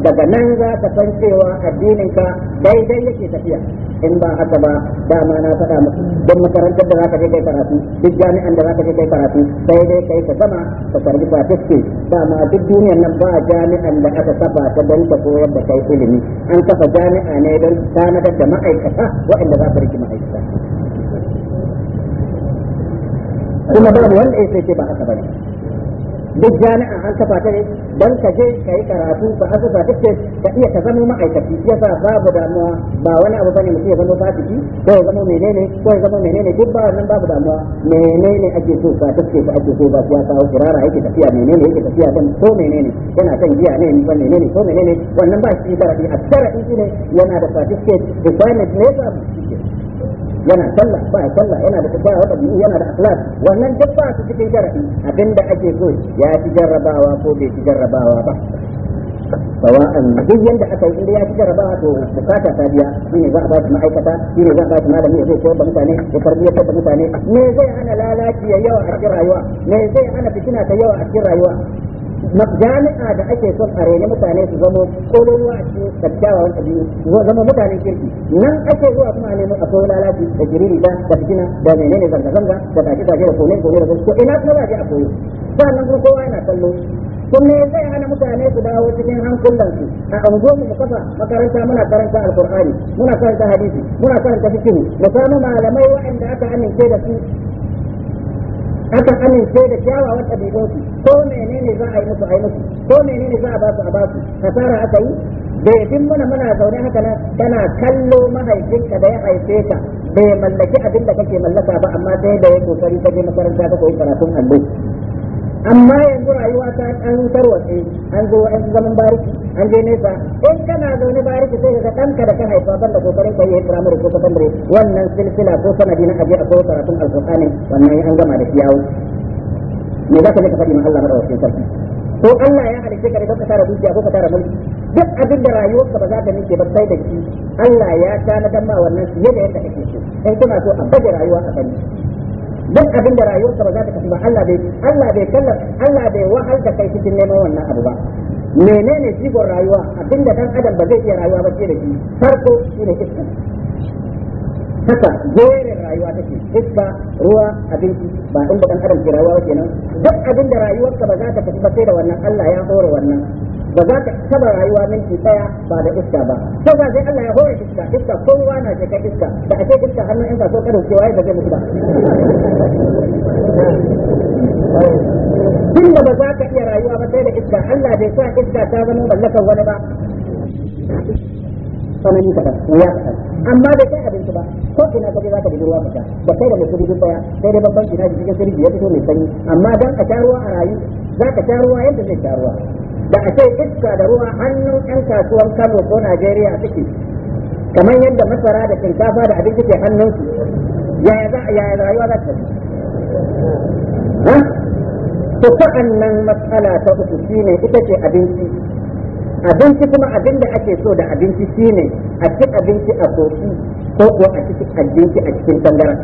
Speaker 1: daga nan za ka san cewa addininka daidai yake tafiya in ba haka ba dama na faɗa musu don makarantar da ka je kai karatu duk jami'an da ka je kai karatu sai dai kai ka gama ka karbi certificate dama duk duniyar nan ba jami'an da aka saba ta don ta koyar da kai ilimi an kafa jami'a ne don tanadar da ma'aikata waɗanda za ka riki ma'aikata kuma babu wanda ya sai ce ba haka bane duk jami'an an kafa ta ne ban ka je ka yi karatu ba an kafa ta ce ka iya ka zama ma'aikaci sa babu damuwa ba wani abu bane mutum ya zama fasiki ko ya zama menene ko ya zama menene duk ba wannan babu damuwa menene ake so ba ta ce ba ake so ba ya kawo rara yake tafiya menene yake tafiya ban ko menene yana kan giya ne ni ban menene ko menene wannan ba shi da a tsara ne yana da certificate requirement ne ba mu yana sallah ba sallah yana da ba wata yana da akhlaq wannan duk ba su cikin sharafi abinda ake so ya ci jarrabawa ko bai ci jarrabawa ba sawa'an duk yanda aka yi inda ya ci jarabawa to bukata ta biya shi ne za a ba su ma'aikata shi ne za a ba su malami ya zai ko ba mutane ya ya ba mutane me zai hana lalaci ya yawa a cikin rayuwa me zai hana fitina ta yawa a cikin rayuwa jami'a da ake son a rene mutane su zama kolon a da kyakkyawan a su zama mutanen kirki nan ake zuwa kuma a nemo akwai lalaci da jiriri da da fitina da menene zanga-zanga da tafi tafi da kone-kone da ko ina kuma ba je a koyo sannan kuma kowa yana kallo Kun ne zai hana mutane su dawo cikin hankulansu a ango mu kafa makaranta muna karanta alkur'ani muna karanta hadisi muna karanta fikihu mu samu malamai waɗanda aka amince da su aka amince da kyawawan ɗabi'unsu ko menene za a yi musu a yi musu ko menene za a ba su a ba su kasara aka yi bai mana muna zaune haka na tana kallo mahaifinka da ya haife ka bai mallaki abin da kake mallaka ba amma sai da ya kokari ka je makaranta ka koyi karatun allo amma yanzu rayuwa ta an tarwatse an zo an zaman bariki an je nesa in kana zaune bariki sai ka kanka da kan haifa ban da kokarin ka yi firamare ko sakandare wannan silsila ko sanadi na kaje ko karatun alqur'ani wannan an gama da kiyawo me za ka je ka faɗi ma Allah madawacin sarki ko Allah ya halicce ka don ka tara dukiya ko ka tara mulki duk abin da rayuwarka ba za ta nike ba sai da shi Allah ya tana ma wannan shi da yadda kake so in kuma so a baje rayuwa a bani duk abin da rayuwarka ba za ta kasu ba Allah bai Allah bai Allah bai wahal da kai cikin neman wannan abu ba menene jigon rayuwa abin da dan adam ba zai iya rayuwa ba sai da shi farko shine iska haka jerin rayuwa take iska ruwa abinci ba inda dan adam ke rayuwa kenan duk abin da rayuwarka ba za ta tafi ba sai da wannan Allah ya hore wannan ba za ka taba rayuwa minti daya ba da iska ba sai ga sai Allah ya hore iska iska kowa na shaka iska da ake iska hannun in ka so ka dauke waye ba zai mutu ba tunda ba za ka iya rayuwa ba sai da iska Allah bai sa iska ta zama mallakar wani ba tsanani kaɗan ya kaɗan amma bai kai abinci ba ko ina ka za ka bi ruwa mata da kai da mai kudi duk sai dai babban ina jikin sirri ya fito mai sanyi amma dan ka taruwa a rayu za ka taruwa yadda zai taruwa. da a ce iska da ruwa hannun yan kasuwar Kano ko Najeriya suke kamar yadda masara da shinkafa da abinci ke hannunsu yaya za yaya rayuwa za ta to sa'an nan matsala ta uku shine ita ce abinci abinci kuma abin da ake so da abinci shine a ci abinci a soki ko ko a ci abinci a cikin tangara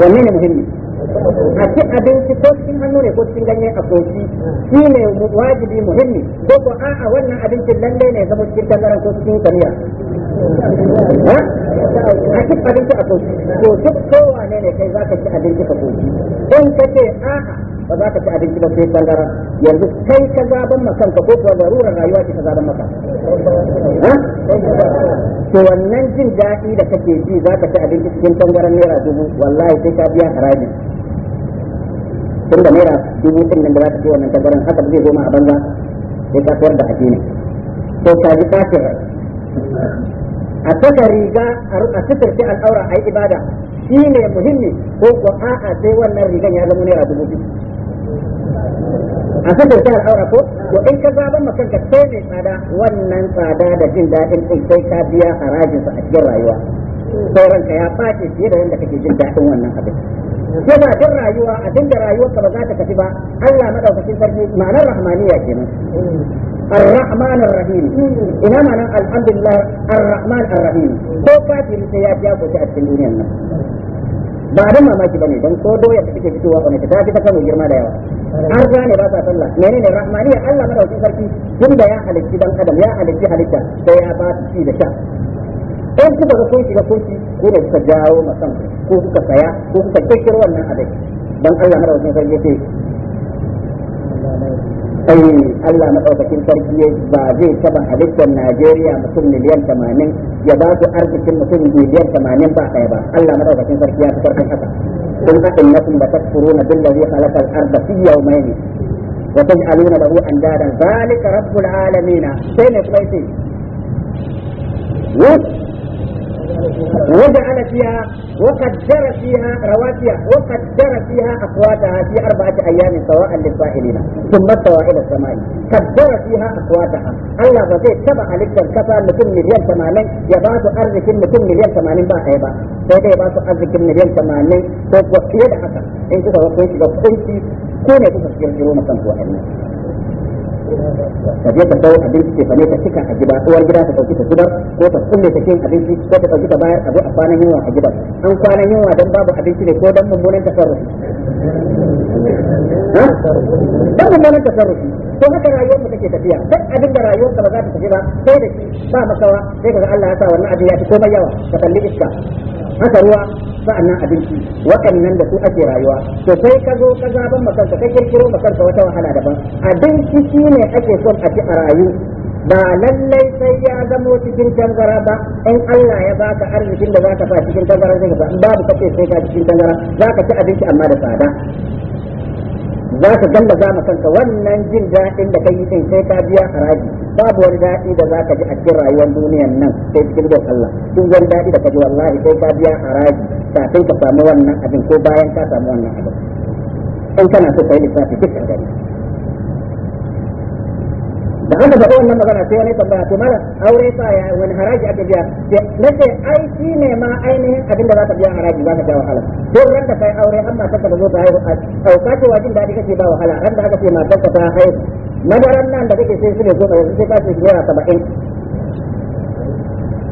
Speaker 1: wanne ne muhimmi a ci abinci ko cikin hannu ne ko cikin ganye a soki shine wajibi muhimmi ko ko a'a wannan abinci lalle ne zama cikin tangara ko cikin kamiya a ci abinci a soki to duk kowane ne kai zaka ci abinci a soki in kace a'a ba za ka ci abinci ba sai bangaren yanzu kai ka zaban makan ka ko kuwa zarurar rayuwa ke ka zaban maka to wannan jin daɗi da kake ji za ka ci abinci cikin bangaren naira dubu wallahi sai ka biya haraji tun da naira dubu ɗin nan da za ka ci wannan bangaren haka zai zo ma a banza sai ka kawar da addini to ka ji rai a saka riga a sifirce al'aura a yi ibada shi ne muhimmi ko ko a'a sai wannan rigan ya zama naira dubu biyu a sakar ta al'aura ko to in ka zaɓa makan ka sai mai tsada wannan tsada da jin daɗin ɗin sai ka biya harajin sa a cikin rayuwa sauran ka ya ɓace fiye da yadda kake jin daɗin wannan abin yana jin rayuwa abin rayuwar ka ba za ta tafi ba Allah madaukakin sarki ma'anar rahmaniya kenan الرحمن الرحيم إلى معنى الحمد لله الرحمن الرحيم تو كافر سيأتي أبو سعد في الدنيا ba da mamaki bane dan ko doya da take fitowa ba ta fi ta kano girma da yawa an gane ba ta sallah menene rahmaniya Allah madaukakin sarki tun da ya halicci dan adam ya halicci halitta sai ya ba su ci da sha in kuka ga kun shiga kun ko da kuka jawo masan ko kuka saya ko kuka kirkiro wannan abin dan Allah madaukakin sarki yake Allah maɗaukakin sarki ba zai taba halittar Najeriya mutum miliyan tamanin ya ba su arzikin mutum miliyan tamanin ba ɗaya ba Allah maɗaukakin sarki ya fi karfin haka kun haɗin nakum da takfuruna zai halaka arda fi yawmayni wa taj'aluna lahu andadan zalika rabbul alamin sai ne kuma yace waja'ala fiya وقدر فيها رواتها وقدر فيها أقواتها في أربعة أيام سواء للسائلين ثم استوى إلى السماء قدر فيها أقواتها الله بزي سبع لكتر كفا مثل مليون ثمانين يباس أرزك مثل مليون ثمانين بقى أيضا سيدة يباس أرزك مليون ثمانين فوق وكيد حتى إن كنت وكيد وكيد كون تشكيل جرومة كنت وحدنا ka je ka dau abinci ce fane ka cika a jiba uwar gida ta dauki ta gudar ko ta kulle ta cin abinci ko ta dauki ta bayar abu a kwanan yunwa a jiba an kwanan yunwa don babu abinci ne ko dan mummunan tasarrufi dan mummunan tasarrufi to haka rayuwar mu take tafiya duk abin da rayuwar ka ba za ta tafi ba sai da shi ba makawa sai ga Allah ya sa wannan abin ya fi komai yawa ka kalli iska haka ruwa sa'annan abinci waɗannan da su ake rayuwa to sai ka zo ka zaban makarta ka kirkiro makarta wata wahala daban abinci ne ake son a ci a rayu ba lallai sai ya zamo cikin tangara ba in Allah ya baka arzikin da zaka fa cikin tangara zai ka babu kace sai ka cikin tangara zaka ci abinci amma da tsada za ka za ma kanka wannan jin daɗin da kai yi sai ka biya haraji babu wani daɗi da za ka ji a cikin rayuwar duniyar nan sai cikin don Allah duk wani daɗi da ka ji wallahi sai ka biya haraji kafin ka samu wannan abin ko bayan ka samu wannan abin in kana so kai lissafi duk gani da an da wannan magana sai wani tambaya to mara aure sa ya wani haraji aka biya na ce ai shi ne ma ainihin abin da za ka biya haraji za ka biya wahala to ran da kai aure amma ta ka zo ta haihu a ɗauka ce wajen da kake ba wahala ran da aka ce ma ta ta haihu madaran nan da kake sai su ne zo da wasu sai ka ce saba'in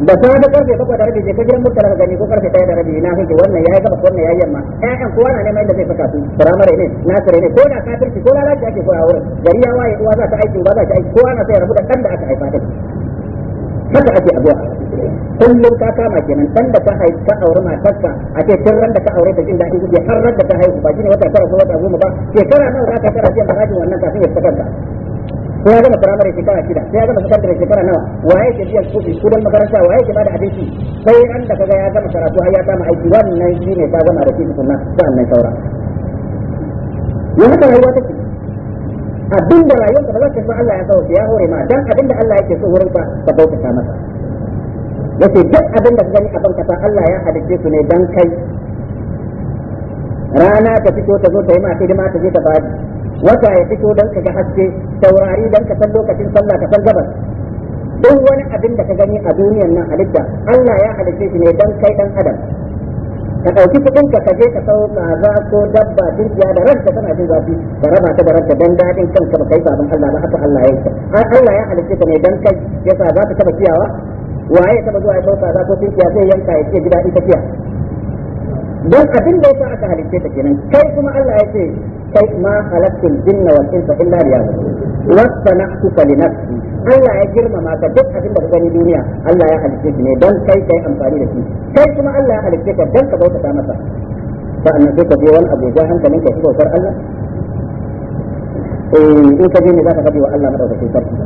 Speaker 1: da sai da karfe bakwai da rabi je ka gidan mutane ka gani ko karfe ɗaya da rabi na kake wannan ya ya gaba wannan ya yi yamma ƴaƴan kowa na neman da zai saka su firamare ne nasire ne ko na kafirci ko lalaci ake koya wurin gari ya waye uwa za ta aiki ba za ta aiki kowa na sai rabu da ɗan da aka haifa a haka ake abuwa kullum ka kama kenan ɗan da ka haifi ka aure matarsa a ce tun ran da ka aure ta jin daɗin kuke har ran da ta haihu ba ne wata tara ko wata goma ba shekara nawa za ka tara jiya ba rajin wannan kafin ya saka ka sai ya gama firamare shekara shida sai ya gama sakandare shekara nawa waye ke biyan kudi kudin makaranta waye ke bada abinci sai an da kaga ya gama karatu har ya kama aiki wannan ne ta gama da shi tukunna sa'annan saura yanzu da rayuwa take abin da rayuwarka ba za ka so Allah ya kawo ya hore ma dan abin da Allah yake so wurin ka ka bauta masa yace duk abin da ka gani a banka ta Allah ya halicce su ne dan kai rana ta fito ta zo ta yi ma hidima ta je ta bada wata ya fito dan ka ga haske taurari dan ka san lokacin sallah ka san gabas duk wani abin da ka gani a duniyar nan halitta Allah ya halitta shi ne dan kai dan adam ka ɗauki kuɗin ka kaje ka sau kaza ko dabba dukiya da ranka tana jin zafi ka raba ta da ranta don daɗin kanka ba kai sabon Allah ba haka Allah ya yi Allah ya halitta ka ne dan kai yasa za ka taba kiyawa waye ta zuwa ya sau kaza ko dukiya sai yanka ya ce ji daɗi tafiya don abin da yasa aka halitta ta kenan kai kuma Allah ya ce kai ma halaktul jinna wal insa illa liya'budun wasana'tuka li nafsi Allah ya girmama ka duk abin da ka gani duniya Allah ya halitta ki ne don kai kai amfani da shi kai kuma Allah ya halitta ka don ka bauta masa sa'annan sai ka je wani abuja hankalin ka shi bautar Allah eh in ka je ne za ka kabe wa Allah madaukakin sarki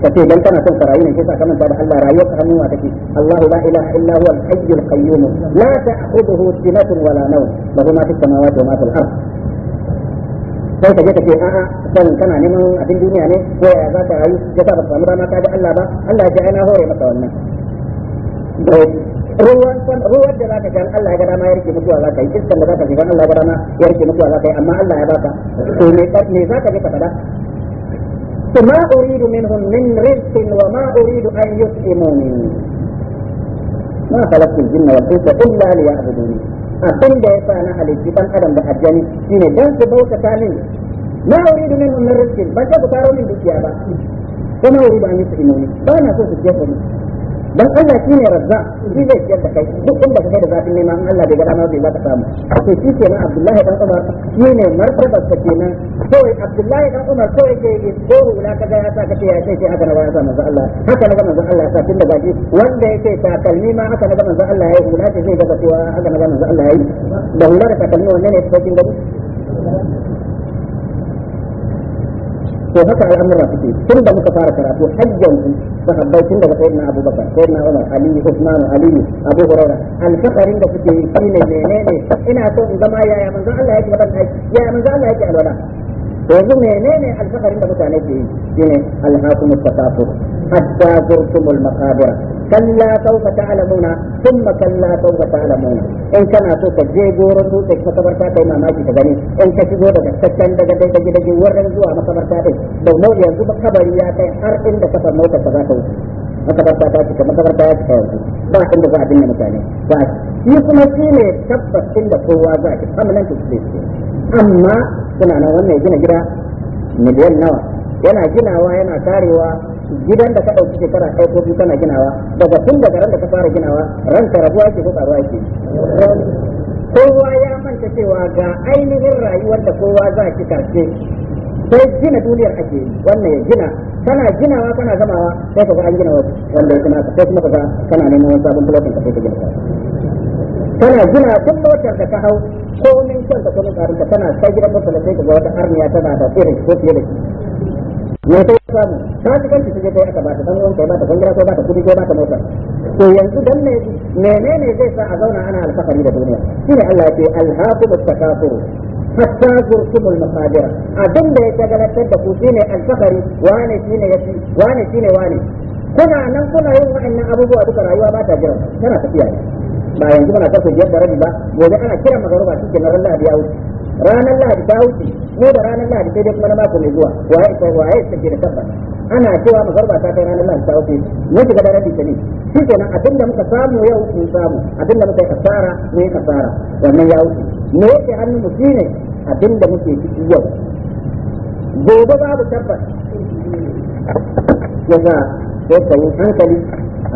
Speaker 1: kace dan kana son karayi ne kisa kaman da Allah rayuwar hannuwa take Allah la ilaha illa huwa al-hayy al-qayyum la ta'khudhuhu sinatun wala nawm lahu ma fis samawati wa ma fil ard sai ka je ka ce a'a san kana neman abin duniya ne ko ya za ka rayu ya sa ba samu dama ka ji Allah ba Allah ya ji ana hore maka wannan ruwan san ruwan da zaka ga Allah ya ga ma ya rike mutuwa zaka yi iskan da zaka ga Allah ya ga ma ya rike mutuwa zaka yi amma Allah ya baka to me me zaka je ka fada ما أريد منهم من رزق وما أريد أن يطعموني ما خلقت الجن والإنس إلا ليعبدوني abin da ya sa na halitti ɗan adam da aljani shine dan su bautata min ma uridu minhum min rizqin ba ta bukaro min dukiya ba kuma uridu an yusimuni ba na so su jefa mu dan Allah shi ne razza shi zai ciyar da kai duk inda ka kai da zafin nema in Allah bai gada ma bai baka samu to shi kenan Abdullahi dan Umar shi ne martaba ta kenan to Abdullahi dan Umar to yake yi ko wula ka ga ya sa kace ya sai haka na ba ya sa manzo Allah haka na ga manzo Allah ya sa tun daga shi wanda yake takalmi ma haka na ga manzo Allah ya yi wula ce zai ga cewa haka na ga manzo Allah ya yi da wula da takalmi wanne ne cikin gari to haka al'amuran suke tun da muka fara karatu har yanzu sahabbai tun daga sayyidina abubakar sayyidina umar ali usman ali abu hurairah alfakarin da suke yi shine menene ina so in zama yaya manzon Allah yake madan aiki yaya manzon Allah yake alwala to yanzu menene alfakarin da mutane ke yi shine alhaqum at-takasur hatta zurtumul maqabir kalla sawfa ta'lamuna thumma kalla sawfa ta'lamuna in kana so ka je goro to sai makabarta kai mamaki ka gani in ka shigo daga tattan daga dai daga daga wurin zuwa makabarta dai da nau yanzu makabari ya kai har inda kafar motar ka za ka wuce makabarta ta cika makabarta ya cika yanzu ba inda za a binne mutane ba shi kuma shine tabbas inda kowa za ki permanent place amma suna wanda wannan gina gida miliyan nawa yana ginawa yana karewa gidan da ka ɗauki shekara ɗaya ko biyu kana ginawa daga tun daga ran da ka fara ginawa ranka rabuwa ke ko karuwa ke kowa ya manta cewa ga ainihin rayuwar da kowa za ki karshe sai gina duniyar ake wannan ya gina kana ginawa kana zamawa sai ka ga an gina wasu wanda ya kuma sai kuma ka ga kana neman wani sabon bulokin ka sai ka gina tana gina duk motar da ka hau komin kyan ta kuma karin ka tana kai gidan masala sai ka ga wata arniya tana da irin ko fiye da shi ya yi samu ta ci kanki sai kai aka ba ta dan uwan kai ba ta gangira ko ba ta kudi ko ba ta mota to yanzu dan ne menene zai sa a zauna ana alfahari da duniya shine Allah ya ce alhaqu bitakafur hatta zurtumul maqabira abin da ya tagalatar da ku shine alfahari wane shine yafi wane shine wane kuna nan kuna yin waɗannan abubuwa duka rayuwa ba ta jira tana tafiya ne ba yanzu muna kasu biyar da rabi ba gobe ana kiran magaruba shi ke na ranar ya wuce ranar lahadi ta wuce ne da ranar lahadi sai dai kuma na mako mai zuwa waye ko waye take da tabbata ana cewa magarba ta kai ranar lahadi ta wuce ne shiga da rabi ne shi nan abinda muka samu yau mun samu abinda muka yi asara ne yi asara wannan ya wuce me yake hannun mu shine abinda muke ciki yau gobe babu tabbata yasa Ko ka yi hankali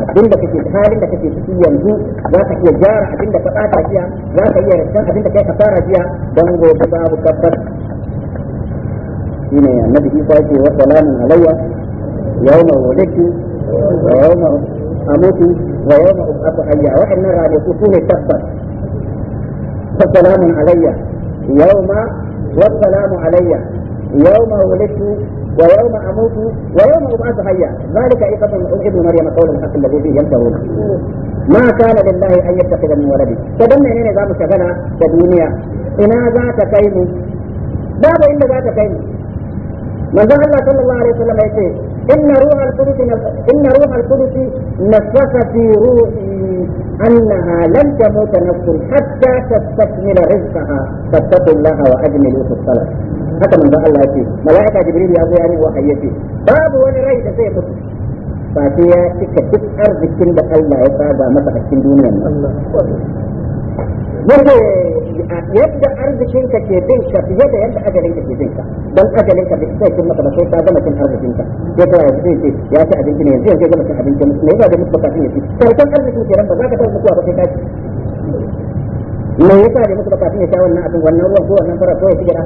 Speaker 1: abin da kake halin da kake ciki yanzu za ka iya gyara abin da ka ɓata jiya za ka iya san abin da kai ka fara jiya don gobe babu kabbar shine annabi Isa yake wa salamun alayya yawma wulidtu wa yawma amutu wa yawma ub'athu hayya wa'annan ranaku sune tabbas wa alayya, علي wa والسلام alayya, يوم ولدت ويوم اموت ويوم ابعث حيا ذلك عقة ابن مريم قول الحق الذي فيه يمتهون ما كان لله ان يتخذ من ولدي تدمع اني نظام شغله كدنيا انا ذات كيم باب ان ذات كيم من ذا الله صلى الله عليه وسلم يقول ان روح القدس ان روح القدس نفس في روحي أنها لن تموت نفس حتى تستكمل رزقها فاتقوا الله وأجملوا في الصلاة ya zo ya nemi babu wani rai da zai mutu ya cika duk arzikin da Allah ya saba masa a cikin yake yadda arzikinka ke bin ka fiye da yadda ajalinka ke bin ka don ajalinka bai sai kin maka ba sai ka gama cin arzikinka ya ta yanzu sai ce ya ci abinci ne yanzu yanzu ya gama cin abinci ne ba da mutu bukatun ya ci sai kan arzikin kenan ba za ka taɓa mutuwa ba sai ka ci me yasa da musu bukatun ya sha wannan abin wannan ruwan ko wannan fara ko ya shigira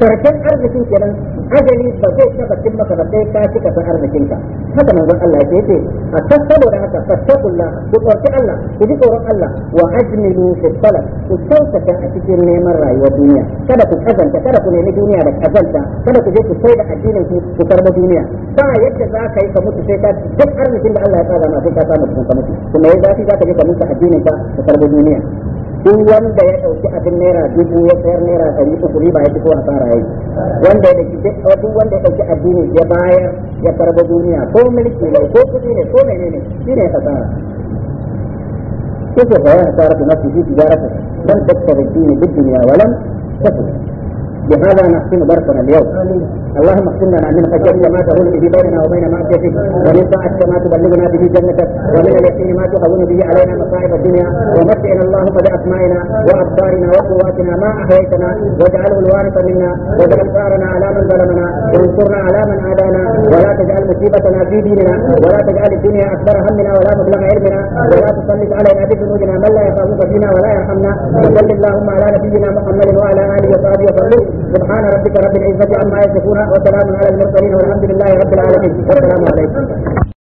Speaker 1: karshen arzikin kenan ajali ba zai ta cin maka ba sai ka cika san arzikin ka haka manzon Allah ya ce a san saboda haka fattakullah ku tsorci Allah ku ji tsoron Allah wa ajmilu fi talab ku kyautata a cikin neman rayuwar duniya kada ku kazanta kada ku nemi duniya da kazanta kada ku je ku sai da addinin ku ku karba duniya ba yadda za ka yi ka mutu sai ka duk arzikin da Allah ya tsara ma sai ka samu cikin ka mutu kuma yayin zafi za ka je ka mutu addinin ka ka karba duniya duk wanda ya ɗauki abin naira dubu ya sayar naira ɗari uku riba ya fito asara yayi wanda ya ɗauki duk wanda ya ɗauki addini ya bayar ya karba duniya ko mulki ne ko kuɗi ne ko ne shi ne asara كيف فهي أثارة نفسه في تجارته لم تكسب الدين بالدنيا ولم تكسب بهذا نحسن درسنا اليوم اللهم اغفر لنا من خشيتك ما تهون به بيننا وبين معصيتك ومن طاعتك ما تبلغنا به جنتك ومن اليقين ما تهون به علينا مصائب الدنيا ومتعنا اللهم باسمائنا وابصارنا وقواتنا ما احييتنا واجعله الوارث منا واجعل ثارنا على من ظلمنا وانصرنا على من عادانا ولا تجعل مصيبتنا في ديننا ولا تجعل الدنيا اكبر همنا ولا مبلغ علمنا ولا تسلط علينا بذنوبنا من لا يخافك فينا ولا يرحمنا وصل اللهم على نبينا محمد وعلى اله وصحبه وسلم سبحان ربك رب العزه عما يصفون وسلام على
Speaker 2: المرسلين والحمد لله رب العالمين والسلام عليكم